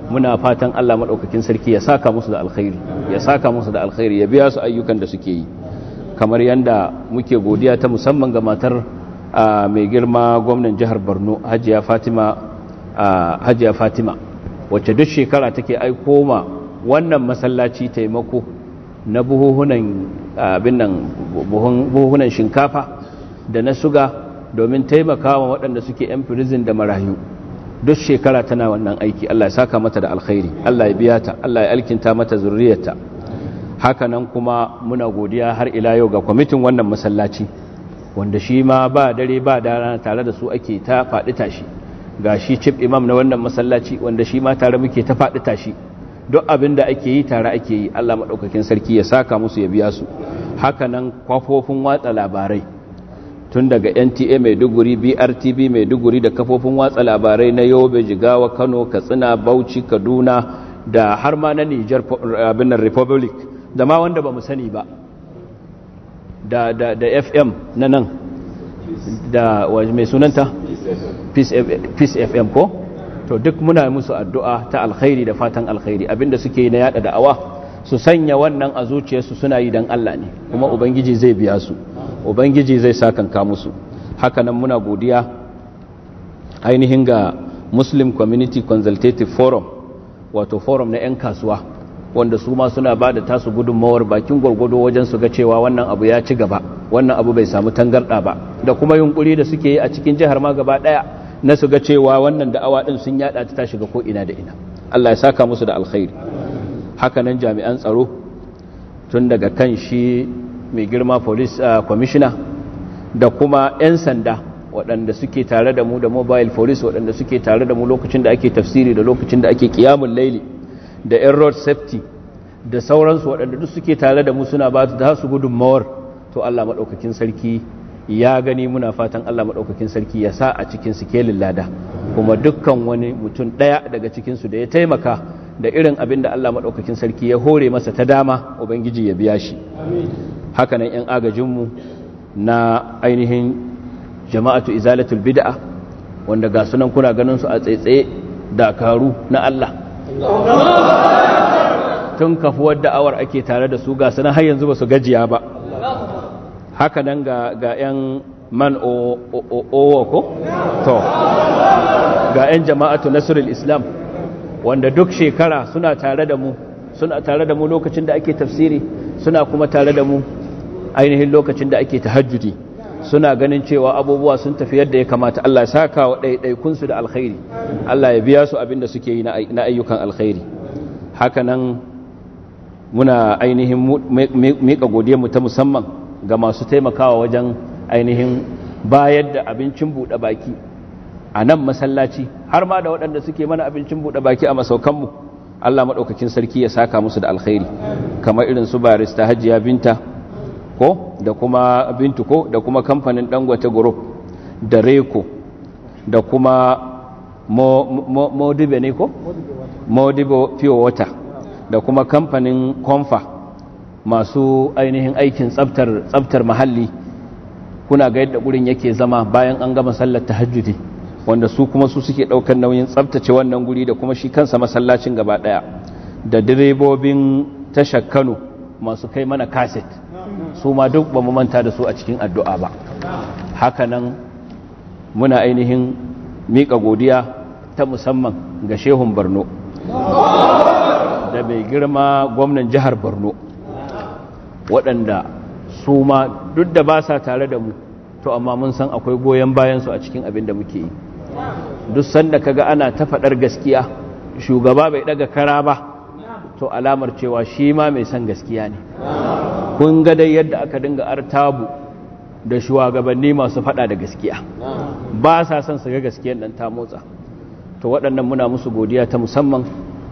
muna fatan Allah madaukakin sarki ya saka musu da alkhairi ya saka musu da alkhairi ya biya su ayyukan da suke yi kamar yadda muke godiya ta musamman ga matar mai girma gwamnan jihar borno hajiya fatima wacce duk shekara take aiko ma wannan masallaci taimako na buhuhunan shinkafa da na suga domin taimakawa waɗanda suke yan prison da marayu duk shekara tana wannan aiki Allah ya saka mata da alkhairi Allah ya biya ta Allah ya alkinta mata zurriyarta hakanan kuma muna godiya har ila yau ga kwamitin wannan masallaci wanda shi ma ba dare ba rana tare da su ake ta faɗi tashi ga shi cif imam na wannan masallaci wanda shi ma tare muke ta faɗi tashi duk abin da ake yi tare ake yi Allah maɗaukakin sarki ya saka musu ya biya su haka nan kwafofin watsa labarai tun daga nta maiduguri brtb maiduguri da kafofin watsa labarai na yobe jigawa kano katsina bauchi kaduna da har ma na nijar abin republic da ma wanda ba mu sani ba da da da FM na nan da mai sunanta Peace FM ko to duk muna musu addu'a ta alkhairi da fatan alkhairi abinda suke na yada da'awa su sanya wannan a zuciyarsu suna yi dan Allah ne kuma ubangiji zai biya su ubangiji zai sakanka musu hakanan muna godiya ainihin ga Muslim Community Consultative Forum wato forum na 'yan kasuwa wanda su ma suna ba da tasu gudunmawar bakin gwargwado wajen su ga cewa wannan abu ya ci gaba wannan abu bai samu tangarɗa ba da kuma yunkuri da suke yi a cikin jihar ma gaba ɗaya na su ga cewa wannan da awa ɗin sun yaɗa ta shiga ko ina da ina Allah ya saka musu da alkhairi haka nan jami'an tsaro tun daga kan shi mai girma police ah, commissioner da kuma 'yan sanda waɗanda suke tare da mu da mobile police waɗanda suke tare da mu lokacin da ake tafsiri da lokacin da ake kiyamun laili da yan road safety da sauransu waɗanda duk suke tare da mu suna ba da su gudunmawar to Allah maɗaukakin sarki ya gani muna fatan Allah maɗaukakin sarki ya sa a cikin sikelin lada kuma dukkan wani mutum ɗaya daga cikinsu da ya taimaka da irin abin da Allah maɗaukakin sarki ya hore masa ta dama Ubangiji ya biya shi hakanan 'yan agajinmu na ainihin jama'atu izalatul bid'a wanda ga sunan kuna ganin su a tsaitsaye dakaru na Allah tun kafuwar da'awar ake tare da su ga sanan har yanzu ba su gajiya ba haka nan ga 'yan man owo ko? to ga 'yan jama'atu nasirul islam wanda duk shekara suna tare da mu suna tare da mu lokacin da ake tafsiri suna kuma tare da mu ainihin lokacin da ake tahajjudi suna ganin cewa abubuwa sun tafi yadda ya kamata Allah ya saka wa ɗaiɗaikunsu da alkhairi Allah ya biya su abin da suke yi na ayyukan alkhairi haka nan muna ainihin miƙa godiya mu ta musamman ga masu taimakawa wajen ainihin bayar da abincin buɗe baki a nan masallaci har ma da waɗanda suke mana abincin buɗe baki a masaukanmu Allah maɗaukakin sarki ya saka musu da alkhairi kamar irin su barista hajiya binta ko da kuma bintu ko da kuma kamfanin dangote group da reko da kuma modibe ne ko modibe pure water da kuma kamfanin konfa masu ainihin aikin tsabtar mahalli kuna ga yadda gurin yake zama bayan an gama sallar tahajjudi wanda su kuma su suke daukar nauyin tsabtace wannan guri da kuma shi kansa masallacin gaba daya da direbobin tashar Kano masu kai mana kaset su ma duk ba mu manta da su a cikin addu'a ba hakanan muna ainihin miƙa godiya ta musamman ga shehun barno da mai girma gwamnan jihar borno waɗanda su ma duk da ba sa tare da mu to amma mun san akwai goyon bayansu a cikin abin da muke yi duk sanda kaga ana ta faɗar gaskiya shugaba bai ɗaga kara ba to alamar cewa shi ma mai son gaskiya ne kun ga dai yadda aka dinga artabu da shugabanni masu fada da gaskiya ba sa son su ga gaskiyar nan ta motsa to waɗannan muna musu godiya ta musamman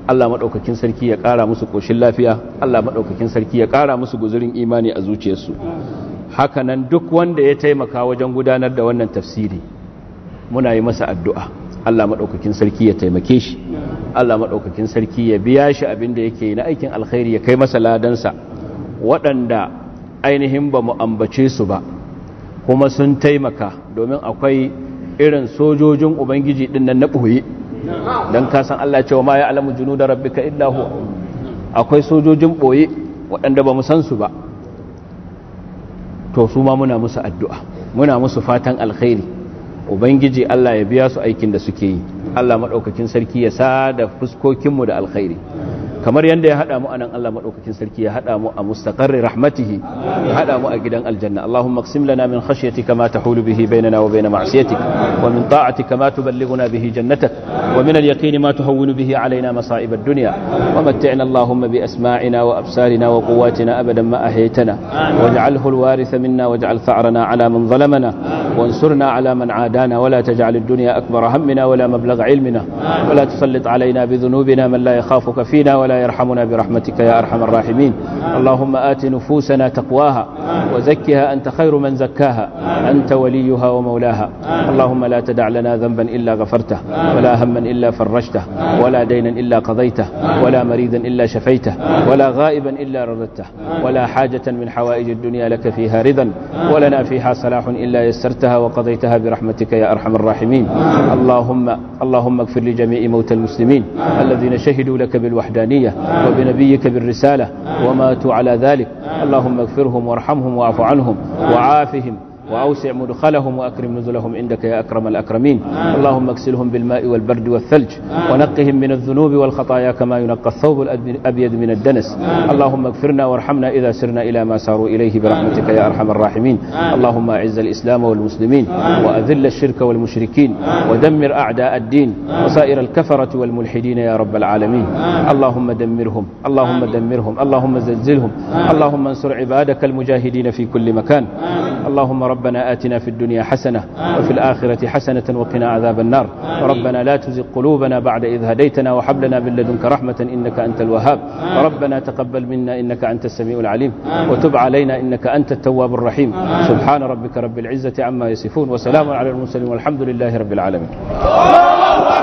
Allah maɗaukakin sarki ya ƙara musu ƙoshin lafiya Allah maɗaukakin sarki ya ƙara musu guzurin imani a zuciyarsu hakanan duk wanda ya taimaka wajen gudanar da wannan tafsiri muna yi masa addu'a Allah maɗaukakin sarki ya taimake shi Allah maɗaukakin sarki ya biya shi abin da yake na aikin alkhairi ya kai masa ladansa waɗanda ainihin ba mu ambace su ba kuma sun taimaka domin akwai irin sojojin ubangiji ɗin nan na ɓoye don kasan Allah cewa ma ya alamu junu da illa illahu akwai sojojin ɓoye waɗanda ba mu san su ba to su ma muna musu addu'a muna musu fatan alkhairi ubangiji Allah ya biya su aikin da suke yi Allah maɗaukakin sarki ya sa da fuskokinmu da alkhairi kamar yanda ya hada mu anan Allah madaukakin sarki ya hada mu a mustaqarri rahmatihi ya hada mu a gidan aljanna Allahumma qsim lana min khashyatika ma tahulu bihi bainana wa bain ma'siyatik wa min ta'atika ma tuballighuna bihi jannatak wa min al-yaqini ma tuhawwinu bihi alayna masa'ib ad-dunya wa matti'na Allahumma bi asma'ina wa absarina wa quwwatina abadan ma ahaytana waj'alhu al-waritha minna waj'al fa'rana ala man zalamana wansurna ala man 'adana وانصرنا على من عادانا ولا تجعل الدنيا أكبر همنا ولا مبلغ علمنا ولا تسلط علينا بذنوبنا من لا يخافك فينا ولا يرحمنا برحمتك يا أرحم الراحمين اللهم آت نفوسنا تقواها وزكها أنت خير من زكاها أنت وليها ومولاها اللهم لا تدع لنا ذنبا إلا غفرته ولا هما إلا فرجته ولا دينا إلا قضيته ولا مريضا إلا شفيته ولا غائبا إلا رددته ولا حاجة من حوائج الدنيا لك فيها رضا ولنا فيها صلاح إلا يسرتها وقضيتها برحمتك يا أرحم الراحمين اللهم اللهم اغفر لجميع موتى المسلمين الذين شهدوا لك بالوحدانية بالوصية وبنبيك بالرسالة وماتوا على ذلك اللهم اغفرهم وارحمهم واعف عنهم وعافهم وأوسع مدخلهم وأكرم نزلهم عندك يا أكرم الأكرمين اللهم اكسلهم بالماء والبرد والثلج ونقهم من الذنوب والخطايا كما ينقى الثوب الأبيض من الدنس اللهم اغفرنا وارحمنا إذا سرنا إلى ما ساروا إليه برحمتك يا أرحم الراحمين اللهم أعز الإسلام والمسلمين وأذل الشرك والمشركين ودمر أعداء الدين وسائر الكفرة والملحدين يا رب العالمين اللهم دمرهم اللهم دمرهم اللهم زلزلهم اللهم انصر عبادك المجاهدين في كل مكان اللهم رب ربنا آتنا في الدنيا حسنة وفي الآخرة حسنة وقنا عذاب النار ربنا لا تزغ قلوبنا بعد إذ هديتنا وهب لنا من لدنك رحمة إنك أنت الوهاب ربنا تقبل منا إنك أنت السميع العليم وتب علينا إنك أنت التواب الرحيم سبحان ربك رب العزة عما يصفون وسلام على المرسلين والحمد لله رب العالمين